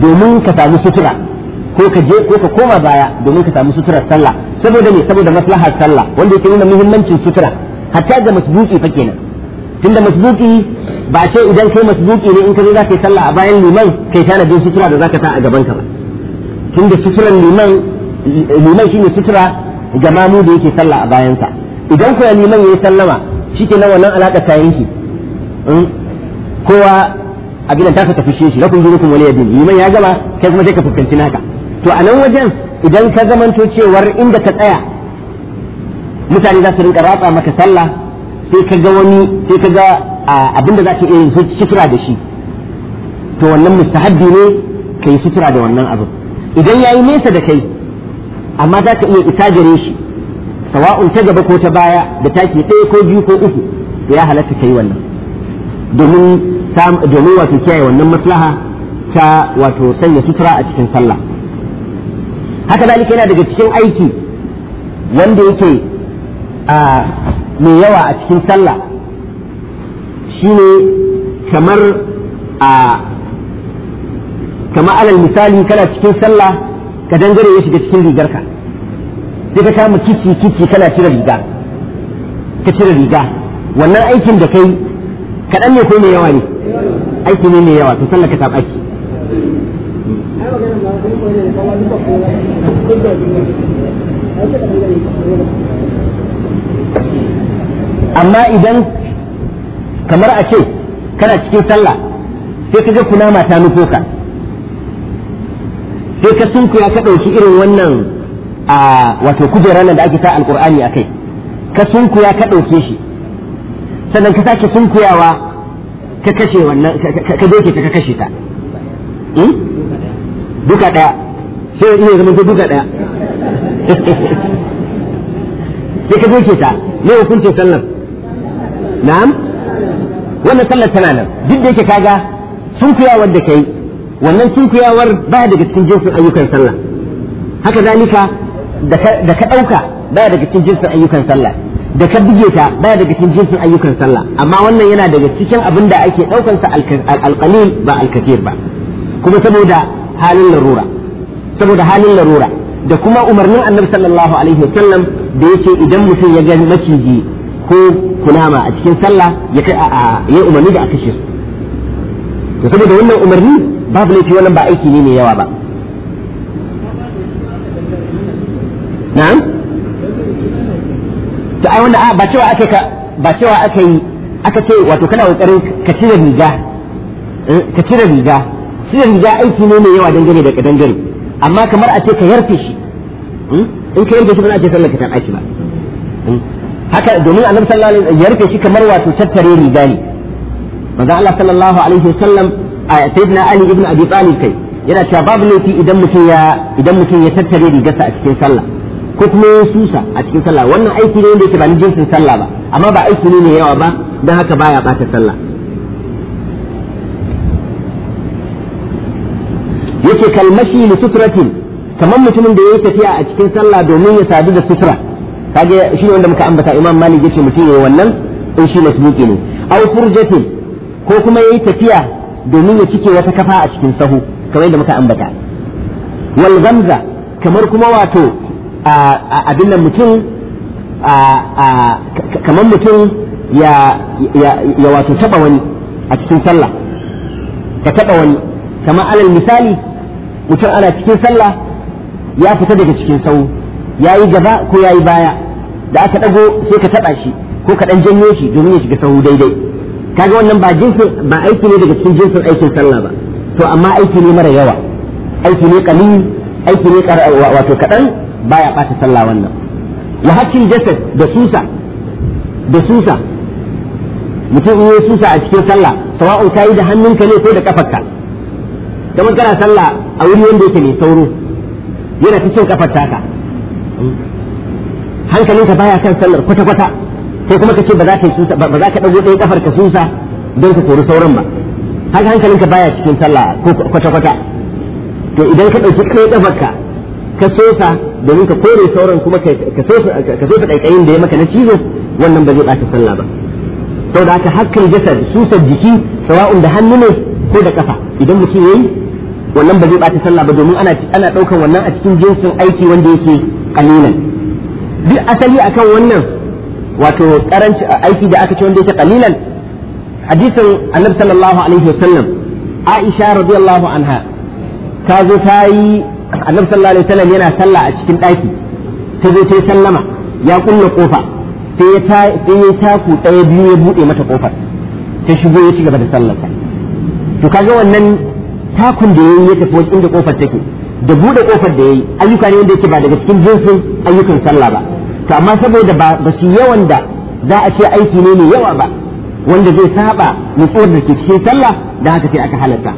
A: domin ka samu sutura ko ka je ko ka koma baya domin ka samu suturar sallah saboda ne saboda maslahar sallah wanda yake nuna muhimmancin sutura hatta ga masbuki fa kenan tunda masbuki ba ce idan kai masbuki ne in ka zo za ka yi sallah a bayan liman kai tanadin sutura da za ka sa a gaban ka ba tunda suturar liman liman shine sutura ga mamu da yake sallah a bayansa idan kuwa liman ya yi sallama shi ke nan wannan alaƙa ta yanki hmm? kowa a gidan tasa ta fushe shi rakun zurukun wani yadin liman ya gama kai kuma sai ka fuskanci naka to a nan wajen idan ka zamanto cewar inda ka tsaya mutane za su rinka ratsa maka sallah sai ka ga wani sai ka ga abinda za ka iya shi sutura da shi to wannan mustahabbi ne ka yi sutura da wannan abin idan ya yi nesa da kai amma za ka iya isa gare shi sawa'un ta gaba ko ta baya da take ɗaya ko biyu ko uku ya halatta kai wannan domin domin wato kiyaye wannan maslaha ta wato sanya sutura a cikin sallah haka dalika yana daga cikin aiki wanda yake a mai yawa a cikin sallah shine kamar a kamar alal misali kana cikin sallah ka dangare ya shiga cikin rigarka sai ka kama kici kici kana cire riga ka cire riga wannan aikin da kai kaɗan ne ko mai yawa ne aiki ne mai yawa to sannan ka samu aiki amma idan kamar a ce kana cikin sallah sai ka ga kunama ta nufo ka sai ka sunkuya ka ɗauki irin wannan a wato kujerar nan da ake ta alkur'ani a kai ka sunkuya ka ɗauke shi sannan ka sake sunkuyawa ka kashe wannan ka doke ta ka kashe ta hmm? duka ɗaya sai iya zama duka ɗaya sai ka doke ta ne hukuncin sallar na'am wannan sallar tana nan duk da yake kaga sunkuyawar da kai wannan sunkuyawar ba daga cikin jinsin ayyukan sallah haka zalika da ka ɗauka baya daga cikin jinsin ayyukan sallah da ka buge ta baya daga cikin jinsin ayyukan sallah amma wannan yana daga cikin abin da ake sa alƙalil ba alkafir ba kuma saboda halin larura saboda halin larura da kuma umarnin annabi sallallahu alaihi wasallam da yace idan mutum ya ga maciji ko kunama a cikin sallah ya kai a umarni da a kashe su to saboda wannan umarni babu laifi wannan ba aiki ne mai yawa ba na'am to ai wanda ba cewa ake ka ba cewa aka yi aka ce wato kana kokarin ka cire riga eh, ka cire riga cire riga aiki ne mai yawa dangane da kadangare amma kamar a ce ka yarfe shi hmm, in ka yarfe shi ba za a ce sallar ka aiki ba hmm. haka domin annabi sallallahu alaihi wasallam ya shi kamar wato tattare riga ne manzo Allah sallallahu alaihi wasallam sayyidina Ali ibn Abi Talib kai yana cewa babu laifi idan mutum ya idan mutum ya tattare rigarsa a cikin sallah ko kuma ya susa a cikin sallah wannan aiki ne wanda yake ba ni jinsin sallah ba amma ba aiki ne mai yawa ba dan haka baya bata sallah yake kalmashi li sutratin kamar mutumin da yayi tafiya a cikin sallah domin ya sadu da sutra kage shi wanda muka ambata imam malik yace mutum yayi wannan in shi masbuki ne aw furjatin ko kuma yayi tafiya domin ya cike wata kafa a cikin sahu kamar yadda muka ambata wal gamza kamar kuma wato abin nan mutum kamar mutum ya wato taɓa wani a cikin sallah ka taɓa wani kamar alal misali mutum ana cikin sallah ya fita daga cikin sau ya yi gaba ko ya yi baya da aka ɗago sai ka taba shi ko ka ɗan janyo shi domin ya shiga sau daidai kaga wannan ba jinsin ba aiki ne daga cikin jinsin aikin sallah ba to amma aiki ne mara yawa aiki ne kalin aiki ne wato kaɗan baya bata sallah wannan wa hakkin jasad da susa da susa mutum in yi susa a cikin sallah sawa'un kayi da hannunka ne ko da kafarka kamar kana sallah a wuri wanda yake mai sauro yana cikin kafar taka hankalinka baya kan sallar kwata kwata sai kuma ka ce ba za ka susa ba za ka dago ɗaya kafar ka susa don ka kori sauran ba haka hankalinka baya cikin sallah ko kwata kwata to idan ka ɗauki ɗaya kafar ka ka sosa domin ka kore sauran kuma ka sosa ka sosa kaikayin da ya maka na cizo wannan ba zai ɓata sallah ba da haka hakkan jasad susar jiki sawa'un da hannu ne ko da ƙafa idan mutum yayi wannan ba zai ɓata sallah ba domin ana ana daukan wannan a cikin jinsin aiki wanda yake kalilan duk asali akan wannan wato karanci aiki da aka ce wanda yake kalilan hadisin annabi sallallahu alaihi wasallam aisha radiyallahu anha ta zo ta yi annabi sallallahu alaihi wasallam yana sallah a cikin ɗaki ta zo ta sallama ya kulle kofa sai ya ta sai ya taku ɗaya biyu ya buɗe mata kofar ta shigo ya ci gaba da sallar to kaga wannan takun da yayi ya tafi inda kofar take da buɗe kofar da yayi ayyuka ne wanda yake ba daga cikin jinsin ayyukan sallah ba to amma saboda ba su yawan da za a ce aiki ne mai yawa ba wanda zai saba nutsuwar da ke cikin sallah da haka sai aka halatta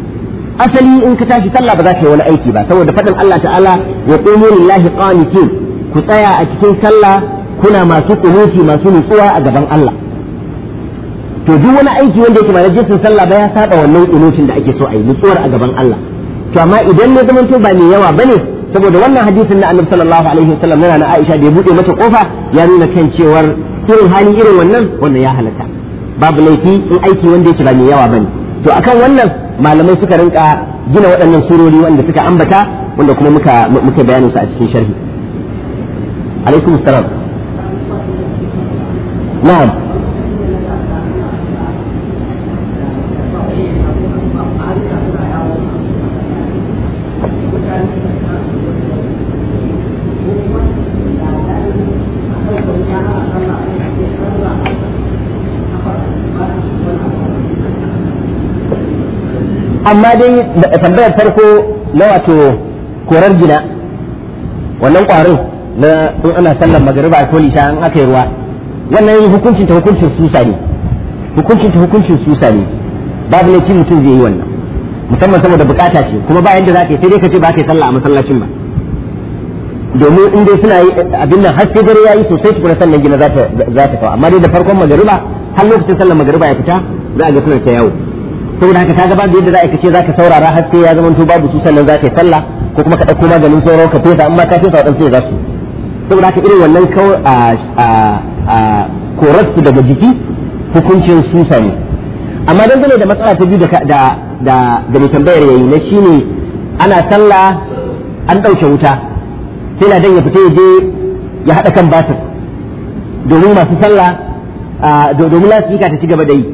A: asali in ka tashi sallah ba za ka yi wani aiki ba saboda faɗin Allah ta'ala ya qumu lillahi qanitin ku tsaya a cikin sallah kuna masu kunuti masu nutsuwa a gaban Allah to duk wani aiki wanda yake ba na jinsin sallah ba ya saba wannan kunutin da ake so a yi nutsuwar a gaban Allah to amma idan ne zamanto ba mai yawa bane saboda wannan hadisin na Annabi sallallahu alaihi wasallam yana na Aisha da ya bude mata kofa ya nuna kan cewar irin hali irin wannan wannan ya halatta babu laifi in aiki wanda yake ba mai yawa bane to akan wannan malamai suka rinka gina waɗannan surori wanda suka ambata wanda kuma muka muka bayanin su a cikin sharhi alaikum salam na'am amma dai tambayar farko na wato korar gina wannan kwarin na in ana sallar magariba ko lisha an aka yi ruwa wannan hukuncin ta hukuncin susa ne hukuncin ta hukuncin susa ne babu ne mutum zai yi wannan musamman saboda bukata ce kuma bayan da za ka yi sai dai ka ce ba ka yi sallah a masallacin ba domin in dai suna yi abin nan har sai dare yayi sosai tukuna sannan gina za ta kawo amma dai da farkon magariba har lokacin sallar magariba ya fita za a ga suna ta yawo saboda haka kaga babu yadda za a kace zaka saurara har sai ya zama to babu su sannan zaka yi sallah ko kuma ka dauko maganin sauro ka fesa amma ka fesa wadansu ya zasu saboda haka irin wannan kawai a a korarsu daga jiki hukuncin su ne amma dangane da matsala ta biyu da da da da mai tambayar yayi na shine ana sallah an dauke wuta sai na dan ya fita ya je ya hada kan batir domin masu sallah domin lafiya ta ci gaba da yi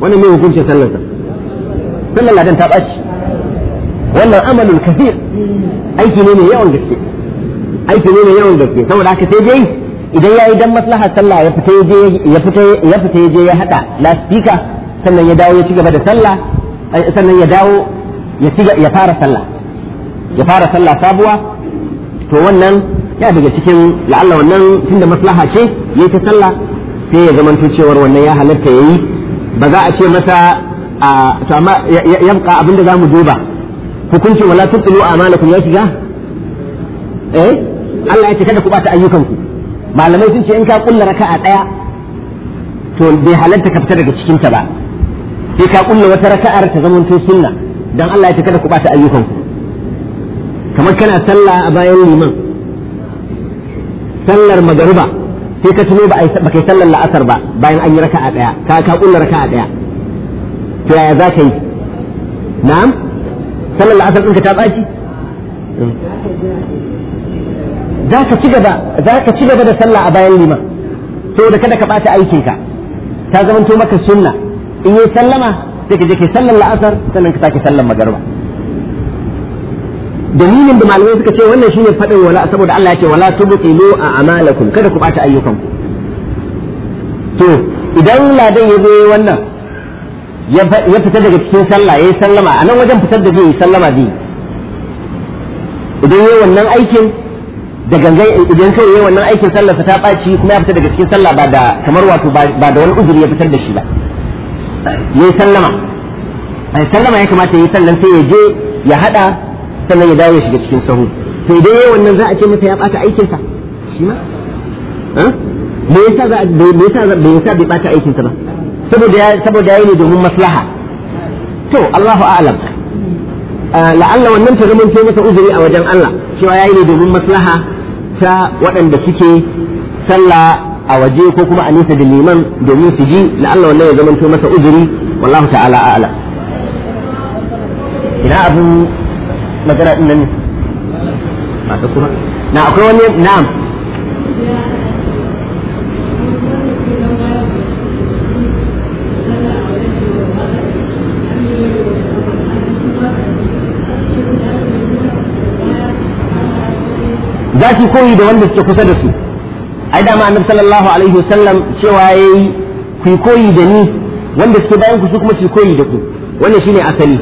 A: wannan ne hukuncin sallarsa sallar ladan taɓa shi wannan amalin kafir aiki ne mai yawan gaske aiki ne mai yawan gaske saboda haka sai dai idan yayi dan maslaha sallah ya fita je ya fita ya fita je ya hada lastika sannan ya dawo ya ci gaba da sallah eh, sannan ya dawo ya ci ya fara sallah ya fara sallah sabuwa to wannan ya daga cikin la'alla wannan tunda maslaha ce yayi ta sallah sai ya zamanto cewar wannan ya halatta yayi ba za a ce masa to amma yabqa abinda zamu duba hukuncin wala tubtilu amalakum ya shiga eh Allah ya ce kada ku bata ayyukan ku malamai sun ce in ka kulla raka'a daya to bai halarta ka fita daga cikin ta ba sai ka kulla wata raka'ar ta zama to sunna dan Allah ya ce kada ku bata ayyukan ku kamar kana sallah a bayan liman sallar magariba sai ka tuno ba kai sallar la'asar ba bayan an yi raka'a daya ka ka kulla raka'a daya to yaya za ka yi na'am sallar la'asar ɗinka ta ɓaci za ka ci gaba za ka ci gaba da sallah a bayan liman saboda kada ka ɓata aikinka ta zama zamanto maka sunna in yi sallama sai ka je kai sallar la'asar sannan ka sake sallar magarba dalilin da malamai suka ce wannan shine faɗin wala saboda Allah ya ce wala tubtilu a amalakum kada ku ɓata ayyukanku to idan ladan ya zo wannan ya fita daga cikin sallah ya yi sallama a nan wajen fitar da zai yi sallama zai idan yi wannan aikin da gangan idan kai yi wannan aikin sallah ta ɓaci kuma ya fita daga cikin sallah ba da kamar wato ba da wani uzuri ya fitar da shi ba ya yi sallama a sallama ya kamata ya yi sallan sai ya je ya haɗa sannan ya dawo ya shiga cikin sahu to idan yi wannan za a ce masa ya ɓata aikinsa shi ma me yasa bai ɓata aikinsa ba saboda ya saboda yayi ne domin maslaha to Allahu a'lam ah, la'alla wannan ta zama masa uzuri a wajen Allah cewa yi ne domin maslaha ta waɗanda suke sallah a waje ko kuma a nisa da liman domin su ji la'alla wannan ya zamanto masa uzuri wallahu ta'ala a'lam ina abin magana din nan ne na akwai wani na'am za ki koyi da wanda suke kusa da su ai dama annabi sallallahu alaihi wasallam cewa yayi ku koyi da ni wanda suke bayan ku su kuma su koyi da ku wannan shine asali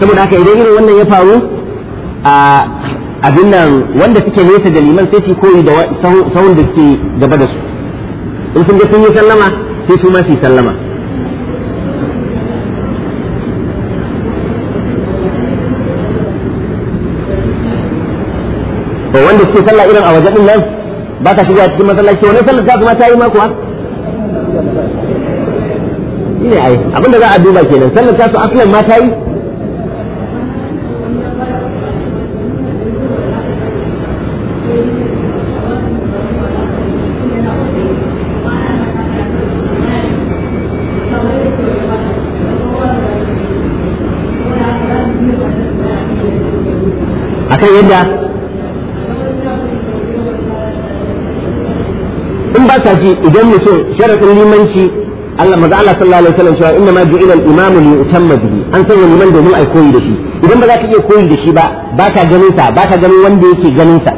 A: saboda haka idan irin wannan ya faru a abin nan wanda suke nesa da liman sai su koyi da sahun da suke gaba da su in sun je sun yi sallama sai su ma su yi sallama wanda suke sallah irin a wajen nan ba ka shiga cikin masallaci wani sallar ta kuma ta yi makuwa ne ai abinda za a duba kenan sallar ta su aslan ma ta yi Yeah. ka ji idan mutum sharadin limanci Allah maza Allah sallallahu alaihi wasallam cewa inna ma ju'ila al-imam li yutamma bihi an sanya liman domin ai koyi da shi idan ba za ka iya koyi da shi ba ba ka ganin sa ba ka ganin wanda yake ganin sa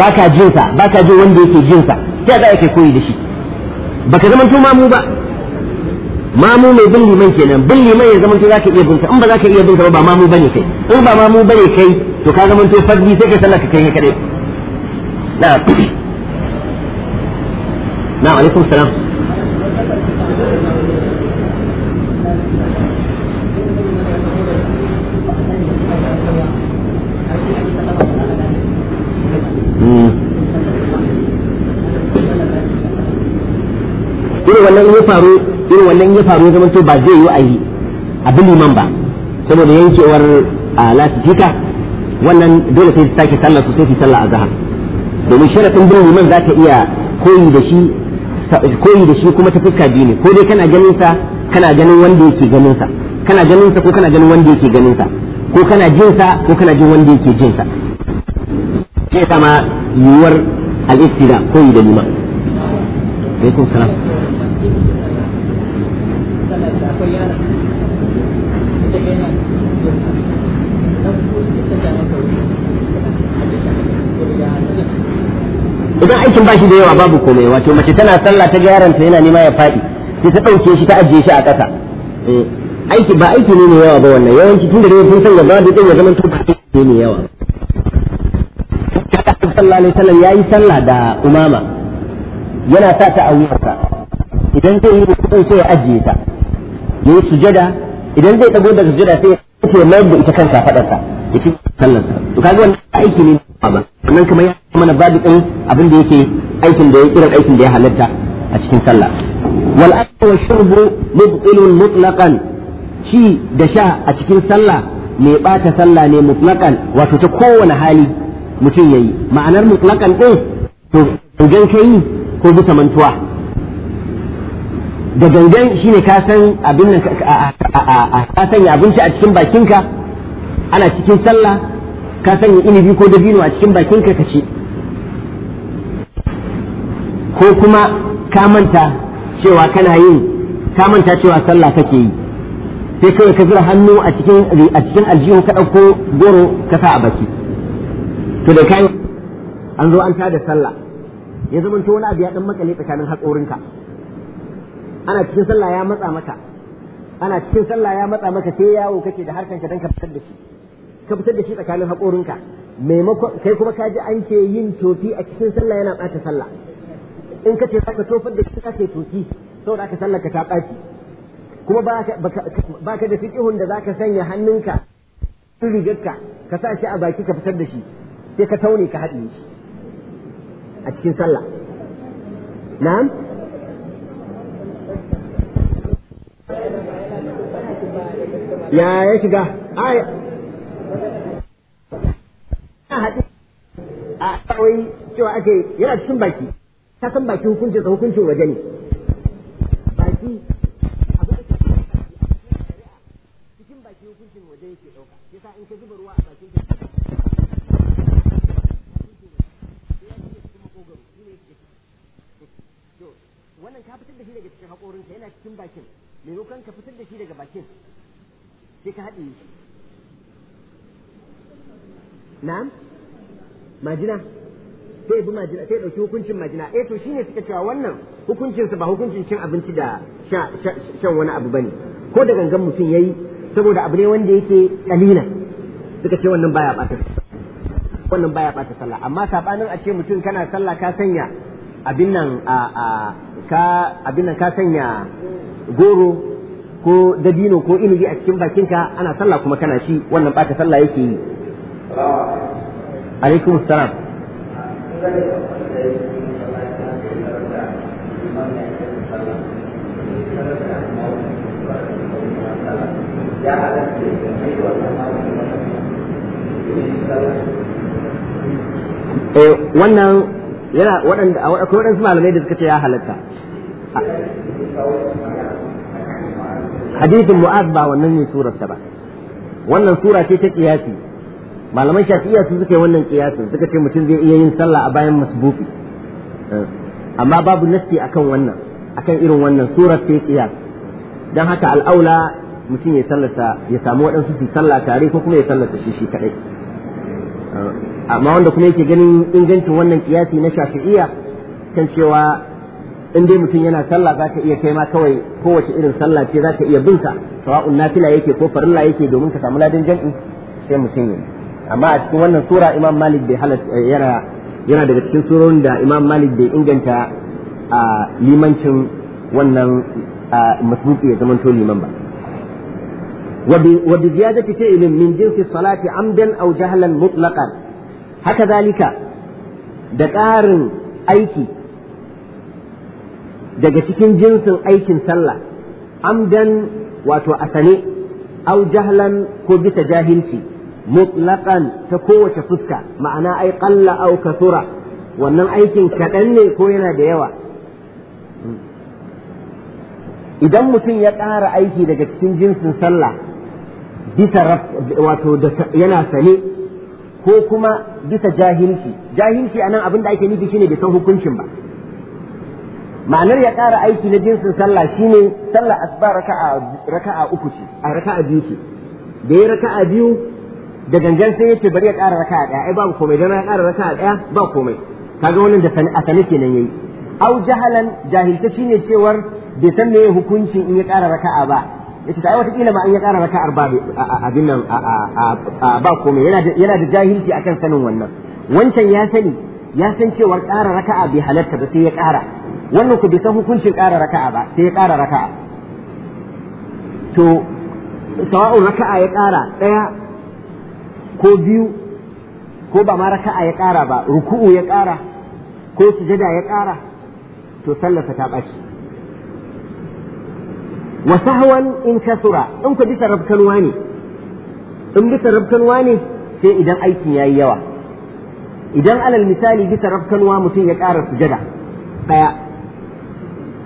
A: ba ka jin sa ba ka jin wanda yake jin sa sai za ka koyi da shi baka zama to mamu ba mamu mai bin liman kenan bin liman ya zama to za ka iya bin sa in ba za ka iya bin sa ba mamu bane kai in ba mamu bane kai to ka zama to fadli sai ka sallaka kai ne kadai na'am نعم عليكم السلام irin wannan ya faru irin wannan ya faru zaman to ba zai yi a yi abin liman ba saboda yankewar a lasifika wannan dole sai ta ke sallar su sai su sallar a zahar domin sharafin bin liman za ta iya koyi da shi koyi da shi kuma ta fuska biyu ne ko dai kana ganin sa kana ganin wanda yake ganin sa kana ganin sa ko kana ganin wanda yake ganin sa ko kana jin sa ko kana jin wanda yake jin sa ce sama yiwuwar al-ittida koyi da liman alaikum salam idan aikin bashi da yawa babu komai wato mace tana sallah ta ga yaronta yana nema ya faɗi sai ta ɗauke shi ta ajiye shi a ƙasa eh, aiki ba aiki ne mai yawa ba wannan yawanci tun da dai kun san gaba da din ya zama to ba aiki ne yawa sallallahu alaihi wasallam yayi sallah da umama yana sa ta a wuyarsa idan zai yi rukun sai ya ajiye ta yayi sujada idan zai tago daga sujada sai ya ce mai da ita kanta fadarsa yace ka to kaga wannan aiki ne ba sannan kuma ya mana babu ɗin abin da yake aikin da ya irin aikin da ya halatta a cikin sallah wal aklu wa shurbu mubtilun mutlaqan ci da sha a cikin sallah mai bata sallah ne mutlaqan wato ta kowane hali mutum yayi ma'anar mutlaqan din to ka kai ko bisa mantuwa da gangan shine ka san abin nan ka sanya abinci a cikin bakinka ana cikin sallah ka sanya inibi ko dabino a cikin bakin ka kace ko kuma ka manta cewa kana yi ka manta cewa sallah kake yi sai kawai ka zura hannu a cikin a cikin aljihu ka dauko goro ka sa a baki to da kai an zo an tada sallah ya zama to wani abu ya dan makale tsakanin hatsorinka ana cikin sallah ya matsa maka ana cikin sallah ya matsa maka sai yawo kake da harkanka dan ka fitar da shi ka fitar da shi tsakanin haƙorinka maimakon kai kuma ka ji an ce yin toki a cikin sallah yana ɓata sallah in ka ce za ka tofar da shi ka ce tofi saboda aka sallah ka ta ɓaci kuma ba ka da fiƙihun da za ka sanya hannunka in rigarka ka sa shi a baki ka fitar da shi sai ka taune ka haɗe shi a cikin sallah na'am ya ya shiga a hadisi a kawai cewa ake yana cikin baki ta san baki hukunci ta hukunci waje ne
B: baki cikin baki hukunci waje yake ɗauka ya sa in ka zuba ruwa a bakin ta
A: wannan ka fitar da shi daga cikin haƙorinka yana cikin bakin maimakon ka fitar da shi daga bakin sai ka haɗe shi na'am majina sai bi majina sai dauki hukuncin majina eh to shine suka cewa wannan hukuncin sa ba hukuncin cin abinci da shan wani abu bane ko da gangan mutum yayi saboda abu ne wanda yake kalila suka ce wannan baya bata wannan baya bata sallah amma sabanin a ce mutum kana sallah ka sanya abin nan a ka abin nan ka sanya goro ko dabino ko inabi a cikin bakinka ana sallah kuma kana shi wannan bata sallah yake yi عليكم السلام wannan yana waɗanda akwai waɗansu malamai da suka ce ya halatta hadithin mu'az ba wannan ne surarsa ba wannan sura ce ta kiyasi malaman shafi'iyya su suka yi wannan kiyasin suka ce mutum zai iya yin sallah a bayan masbuki eh, amma babu nassi akan wannan akan irin wannan surar sai kiyas dan haka al'aula mutum ya sallata ya samu waɗansu su sallah tare ko kuma ya sallata shi shi kadai eh, amma wanda kuma yake ganin ingancin wannan kiyasi na shafi'iyya kan cewa in dai mutum yana sallah za ka iya kai ma kawai kowace irin sallah ce za ka iya binka sawa'un nafila yake ko farilla yake domin ka samu ladin jam'i sai mutum ya amma a cikin wannan sura imam malik bai halatta eh, yana yana daga cikin surorin da imam malik bai inganta a limancin wannan masbuki ya zamanto liman ba وبزيادة jinsi من amdan الصلاة عمدا أو جهلا مطلقا da ƙarin aiki daga cikin jinsin aikin sallah amdan wato asane aujahlan jahlan ko bisa jahilci mutlaqan ta kowace fuska ma'ana ai qalla au kathura wannan aikin kaɗan ne ko yana da yawa idan mutum ya ƙara aiki daga cikin jinsin sallah bisa wato yana sane ko kuma bisa jahilci jahilci anan abin da ake nufi shine bai san hukuncin ba ma'anar ya ƙara aiki na jinsin sallah shine sallah asba raka'a raka'a uku ce a raka'a biyu ce da ya raka'a biyu da gangan sai yace bari ya ƙara raka ɗaya ai babu komai dan ya ƙara raka ɗaya ba komai kaga wannan da sani a sani kenan yayi au jahalan jahilta shine cewar bai san meye hukuncin in ya ƙara raka'a ba yace ai wata kila ba an ya ƙara raka'ar ba abin nan ba komai yana da yana da jahilci akan sanin wannan wancan ya sani ya san cewar ƙara raka'a bai halatta ba sai ya ƙara wannan ku bai san hukuncin ƙara raka'a ba sai ya ƙara raka'a to sawa'un raka'a ya ƙara ɗaya ko biyu ko ba ma raka'a ya ƙara ba ruku'u ya ƙara ko sujada ya ƙara to sallarsa ta ɓaci wa sahwan in kasura in ku bisa rabkanwa ne in bisa rabkanwa ne sai idan aikin yayi yawa idan alal misali bisa rabkanwa mutum ya ƙara sujada ɗaya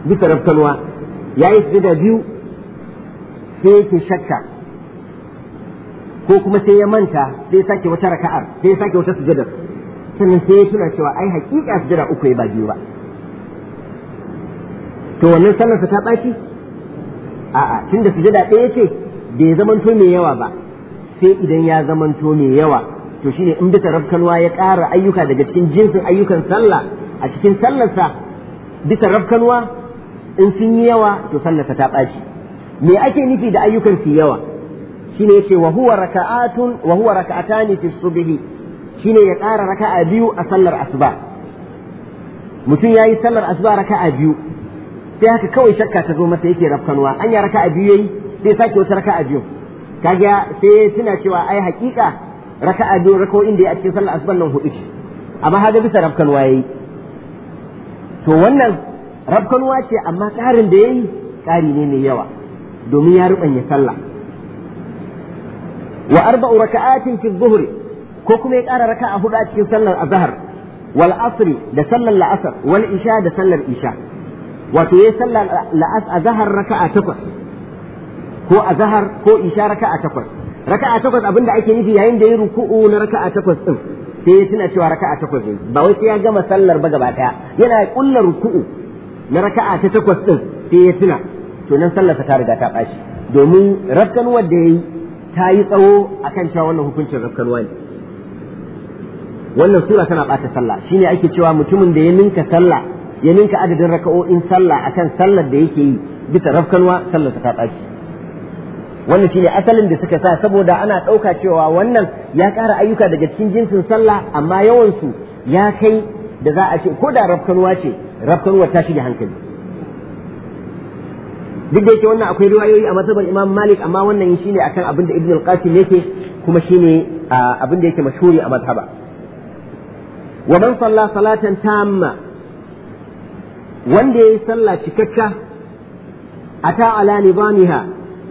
A: bisa rabkanwa ya yi sujada biyu sai ke shakka ko kuma sai ya manta sai sake wata raka'ar sai sake wata sujada sannan sai ya tuna cewa ai hakika sujada uku ya ba ba to wannan sallarsa ta ɓaci a'a tunda sujada ɗaya ce bai zamanto mai yawa ba sai idan ya zamanto mai yawa to shine in bisa rafkanwa ya ƙara ayyuka daga cikin jinsin ayyukan sallah a cikin sallarsa bisa rafkanwa in sun yi yawa to sallarsa ta ɓaci me ake nufi da ayyukan su yawa shine yace wa huwa raka'atun wa huwa raka'atani fi subhi shine ya ƙara raka'a biyu a sallar asuba mutum yayi sallar asuba raka'a biyu sai haka kawai shakka ta zo masa yake rafkanwa an ya raka'a biyu yayi sai sake wata raka'a biyu kaga sai suna cewa ai hakika raka'a biyu rako da ya sallar asuba nan hudu ce amma haga bisa rafkanwa yayi to wannan rafkanwa ce amma ƙarin da yayi ƙari ne mai yawa domin ya ruɓanya sallah wa arba'u raka'atin fi dhuhri ko kuma ya ƙara raka'a hudu a cikin sallar azhar wal asri da sallar la'asar wal isha da sallar isha wato yayi sallar la'as azhar raka'a takwas ko azhar ko isha raka'a takwas raka'a takwas abinda ake nufi yayin da yayi ruku'u na raka'a takwas din sai ya tuna cewa raka'a takwas ne ba wai sai ya gama sallar ba gaba daya yana kullar ruku'u na raka'a ta takwas din sai ya tuna to nan sallar ta riga ta bashi domin rakkanuwar da yayi ta yi tsawo a kan cewa wannan hukuncin rafkanwa ne wannan sura tana ɓata sallah shine ake cewa mutumin da ya ninka sallah ya ninka adadin raka'o'in sallah akan sallar da yake yi bisa rafkanuwa sallar ta ɓaci wannan shine asalin da suka sa saboda ana ɗauka cewa wannan ya ƙara ayyuka daga cikin jinsin sallah amma yawansu ya kai da za a ce ko da rafkanuwa ce rafkanuwa ta shiga hankali duk da yake wannan akwai riwayoyi a mazhabar Imam Malik amma wannan shine akan abin da Ibn al-Qasim yake kuma shine abin da yake mashhuri a mazhaba wa man salla salatan tamma wanda yayi sallah cikakka ata ala nizamiha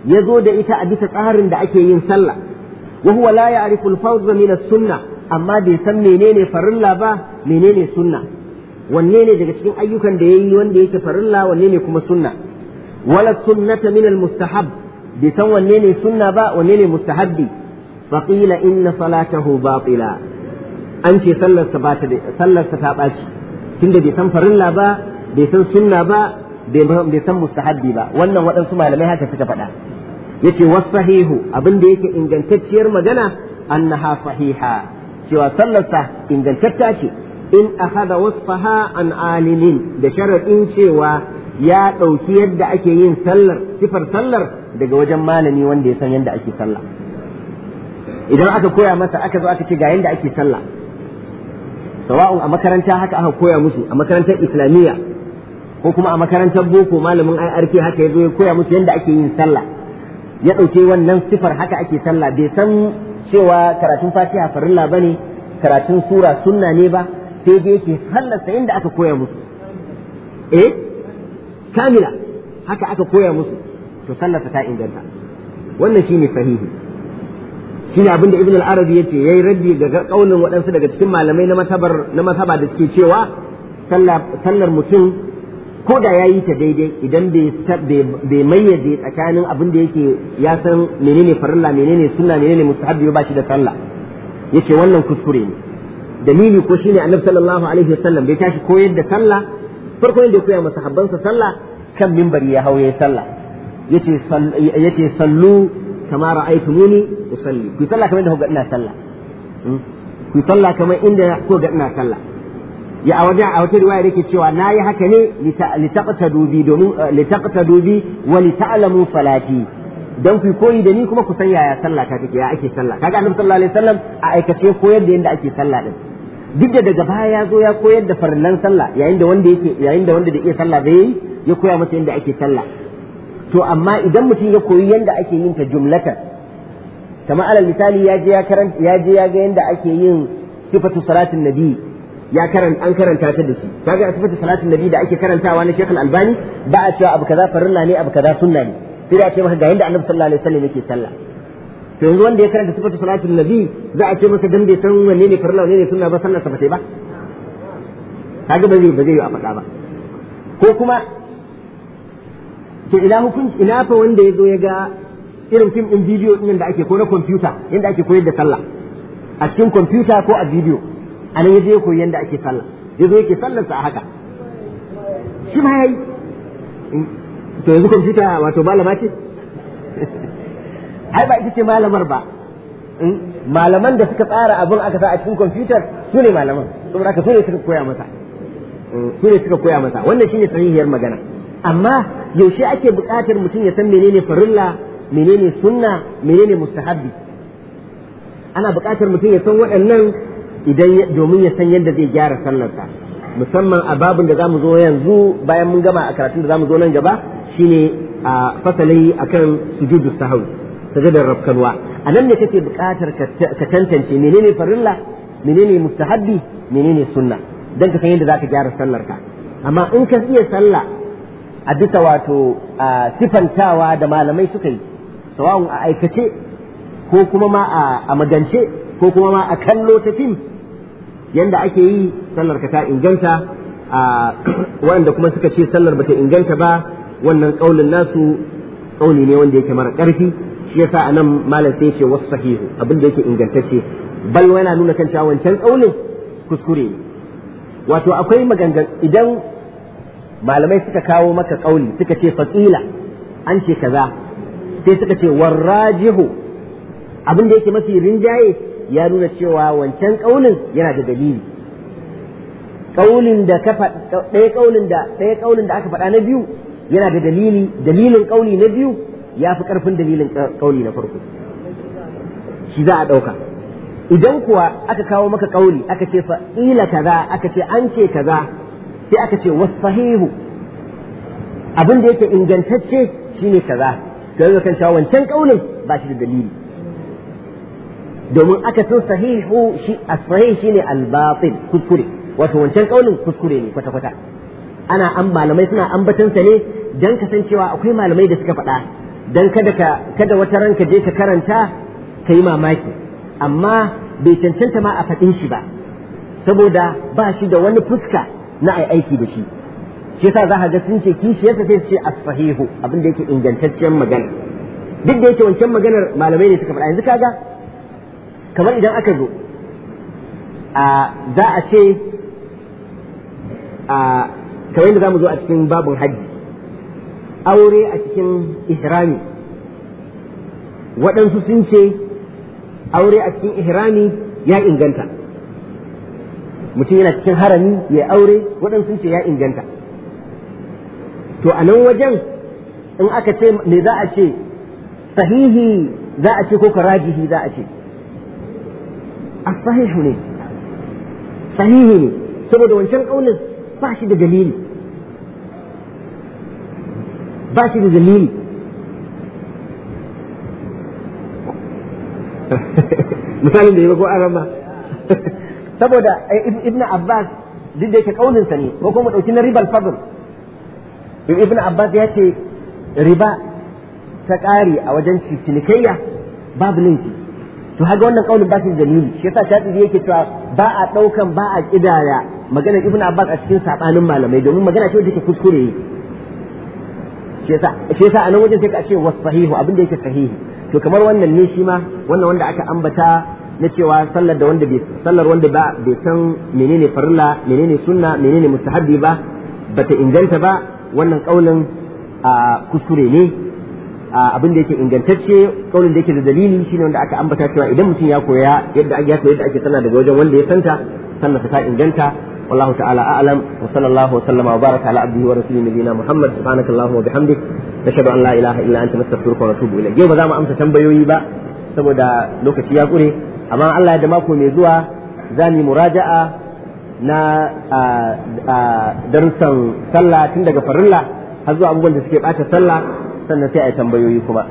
A: yazo da ita a bisa tsarin da ake yin sallah wa huwa la ya'rifu al min as amma bai san menene farilla ba menene sunna wanne ne daga cikin ayyukan da yayi wanda yake farilla wanne ne kuma sunna wala sunnata min al-mustahab bai san wanne ne sunna ba wanne ne mustahabbi fa qila inna salatahu batila an ce sallarsa ba ta sallarsa ta baci tunda bai san farilla ba bai san sunna ba bai san mustahabbi ba wannan waɗansu malamai haka suka faɗa yace wasahihu abin da yake ingantacciyar magana annaha sahiha cewa sallarsa ingantacciya ce in akhadha wasfaha an alimin da sharadin cewa ya ɗauki yadda ake yin sallar sifar sallar daga wajen malami wanda ya san yadda ake sallah idan aka koya masa aka zo aka ce ga yadda ake sallah sawa'un a makaranta haka aka koya musu a makarantar islamiyya ko kuma a makarantar boko malamin IRK haka ya zo ya koya musu yadda ake yin sallah ya ɗauke wannan sifar haka ake sallah bai san cewa karatun fatiha farilla bane karatun sura sunna ne ba sai dai yake sallarsa yadda aka koya musu eh kamila haka aka koya musu to sallarsa ta inganta wannan shine sahihi shine abin da ibn al-arabi ya yi raddi ga kaunin waɗansu daga cikin malamai na masabar da suke cewa sallar mutum ko da yayi ta daidai idan bai mayyaze tsakanin abin da ya san menene farilla menene sunna menene mustahabbi ba shi da sallah yace wannan kuskure ne dalili ko shine annabi sallallahu alaihi wasallam bai tashi koyar da sallah farko yadda ya koya masa habbansa sallah kan mimbari ya hau ya sallah yace yace sallu kama ra'aytumuni usalli ku hmm? sallah kamar inda ku ina sallah ku sallah kamar inda ku ga ina sallah ya a wajen a wata riwaya yake cewa na yi haka ne litaqtadu dubi wani eh, litaqtadu bi wa lita'lamu salati dan ku koyi da ni kuma ku san yaya sallah ta take ya ake sallah kaga annabi sallallahu alaihi wasallam a aikace koyar da yadda ake sallah din duk da daga baya ya zo ya koyar da farillan sallah yayin da wanda yake yayin da wanda da iya sallah bai ya koya masa yadda ake sallah to amma idan mutum ya koyi yadda ake yin ta jumlata kamar alal misali ya je ya karanta ya je ya ga yadda ake yin sifatu salatin nabi ya karanta an karanta ta da shi kaga sifatu salatin nabi da ake karantawa na Sheikh Al-Albani ba a cewa abu kaza farilla ne abu kaza sunna ne sai da ce maka ga yadda Annabi sallallahu alaihi wasallam yake sallah to yanzu wanda ya karanta sifatu salatul nabi za a ce masa dan bai san wanne ne farla wanne ne sunna ba sannan sa ba sai ba kaga ba zai ba zai yi a faɗa ba ko kuma to ina hukunci ina fa wanda ya zo ya ga irin fim din bidiyo din da ake ko na kwamfuta yanda ake koyar da sallah a cikin kwamfuta ko a bidiyo a nan yaje ya koyi yanda ake sallah ya zo yake sallar sa a haka shi ma yayi to yanzu kwamfuta wato malama ce ai ba ita ce malamar ba hmm? malaman da suka tsara abin aka sa a cikin kwamfutar su ne malaman saboda haka su ne suka koya masa hmm? su ne suka koya masa wannan shine sahihiyar magana amma yaushe ake bukatar mutum ya san menene farilla menene sunna menene mustahabbi ana bukatar mutum ya san waɗannan idan domin ya san yadda zai gyara sallarsa musamman a babin da zamu zo yanzu bayan mun gama a karatun da zamu zo nan gaba shine a fasali akan sujudu sahwi sajadar rafkanwa a nan ne kake buƙatar ka tantance menene farilla menene mustahabbi menene sunna dan ka san yadda zaka gyara sallar ka amma in ka iya salla. a bisa wato sifantawa da malamai suka yi sawa'un a aikace ko kuma ma a magance ko kuma ma a kallo ta fim yanda ake yi sallar ka ta inganta a wanda kuma suka ce sallar bata inganta ba wannan kaulin nasu kauli ne wanda yake mara ƙarfi shi yasa nan malam sai ce wasu sahihu abin da yake ingantacce bal yana nuna kan cewa wancan tsaunin kuskure ne wato akwai magangan idan malamai suka kawo maka kauli suka ce fasila an ce kaza sai suka ce warrajihu abin da yake mafi rinjaye ya nuna cewa wancan kaulin yana da dalili kaulin da ka ɗaya kaulin da ɗaya kaulin da aka faɗa na biyu yana da dalili dalilin kauli na biyu ya fi ƙarfin dalilin ƙauli na farko shi za a ɗauka idan kuwa aka kawo maka ƙauli aka ce fa'ila kaza aka ce an ce kaza sai aka ce wasahihu abin da yake ingantacce shine kaza yanzu kan cewa wancan ƙaunin ba shi da dalili domin aka sun sahihu shi a sahih shine al kuskure wato wancan ƙaunin kuskure ne kwata-kwata ana an malamai suna ambatansa ne don kasancewa akwai malamai da suka faɗa dan kada ka kada wata ranka je ka karanta ka yi mamaki amma bai cancanta ma a faɗin shi ba saboda ba shi da wani fuska na ai aiki da shi shi yasa za ka ga sun ce kishiyarsa sai su ce as-sahihu abin da yake ingantaccen magana duk da yake wancan maganar malamai ne suka faɗa yanzu kaga kamar idan aka zo a za a ce a kamar yadda za mu zo a cikin babun hajji aure a cikin ihrami waɗansu sun ce aure a cikin ihrami ya inganta mutum yana cikin harami ya aure waɗansu sun ce ya inganta to a nan wajen in aka ce me za a ce sahihi za a ce ko karajihi za a ce a sahihu ne sahihi ne saboda wancan ƙaunin ba shi da dalili ba shi da dalili misalin da ya ko aran ma saboda eh, ibn abbas duk da yake kaunin ne ko kuma dauki na ribal fadl ibn abbas ya ce riba ta ƙari a wajen cinikayya babu laifi to haga wannan kaunin ba shi dalili shi yasa shafi yake cewa ba a ɗaukan ba a kidaya maganar ibn abbas a cikin sabanin malamai domin magana ce da take kuskure shi yasa a nan wajen sai ka ce wa sahihu abin da yake sahihi to kamar wannan ne shi ma wannan wanda aka ambata na cewa sallar da wanda bai sallar wanda ba bai san menene farilla menene sunna menene mustahab'i ba bata inganta ba wannan kaulin a kuskure ne abin da yake ingantacce kaulin da yake da dalili shine wanda aka ambata cewa idan mutum ya koya yadda ake yadda ake sallah daga wajen wanda ya santa sallar ta inganta والله تعالى أعلم وصلى الله وسلم وبارك على عبده ورسوله نبينا محمد سبحانك اللهم وبحمدك نشهد أن لا إله إلا أنت نستغفرك ونتوب إليك يوم ذا ما أمس تنبيوي با saboda lokaci ya ƙure amma Allah da mako mai zuwa zani mu muraja'a na darussan sallah tun daga farilla har zuwa abubuwan da suke ɓata sallah sannan sai a yi tambayoyi kuma.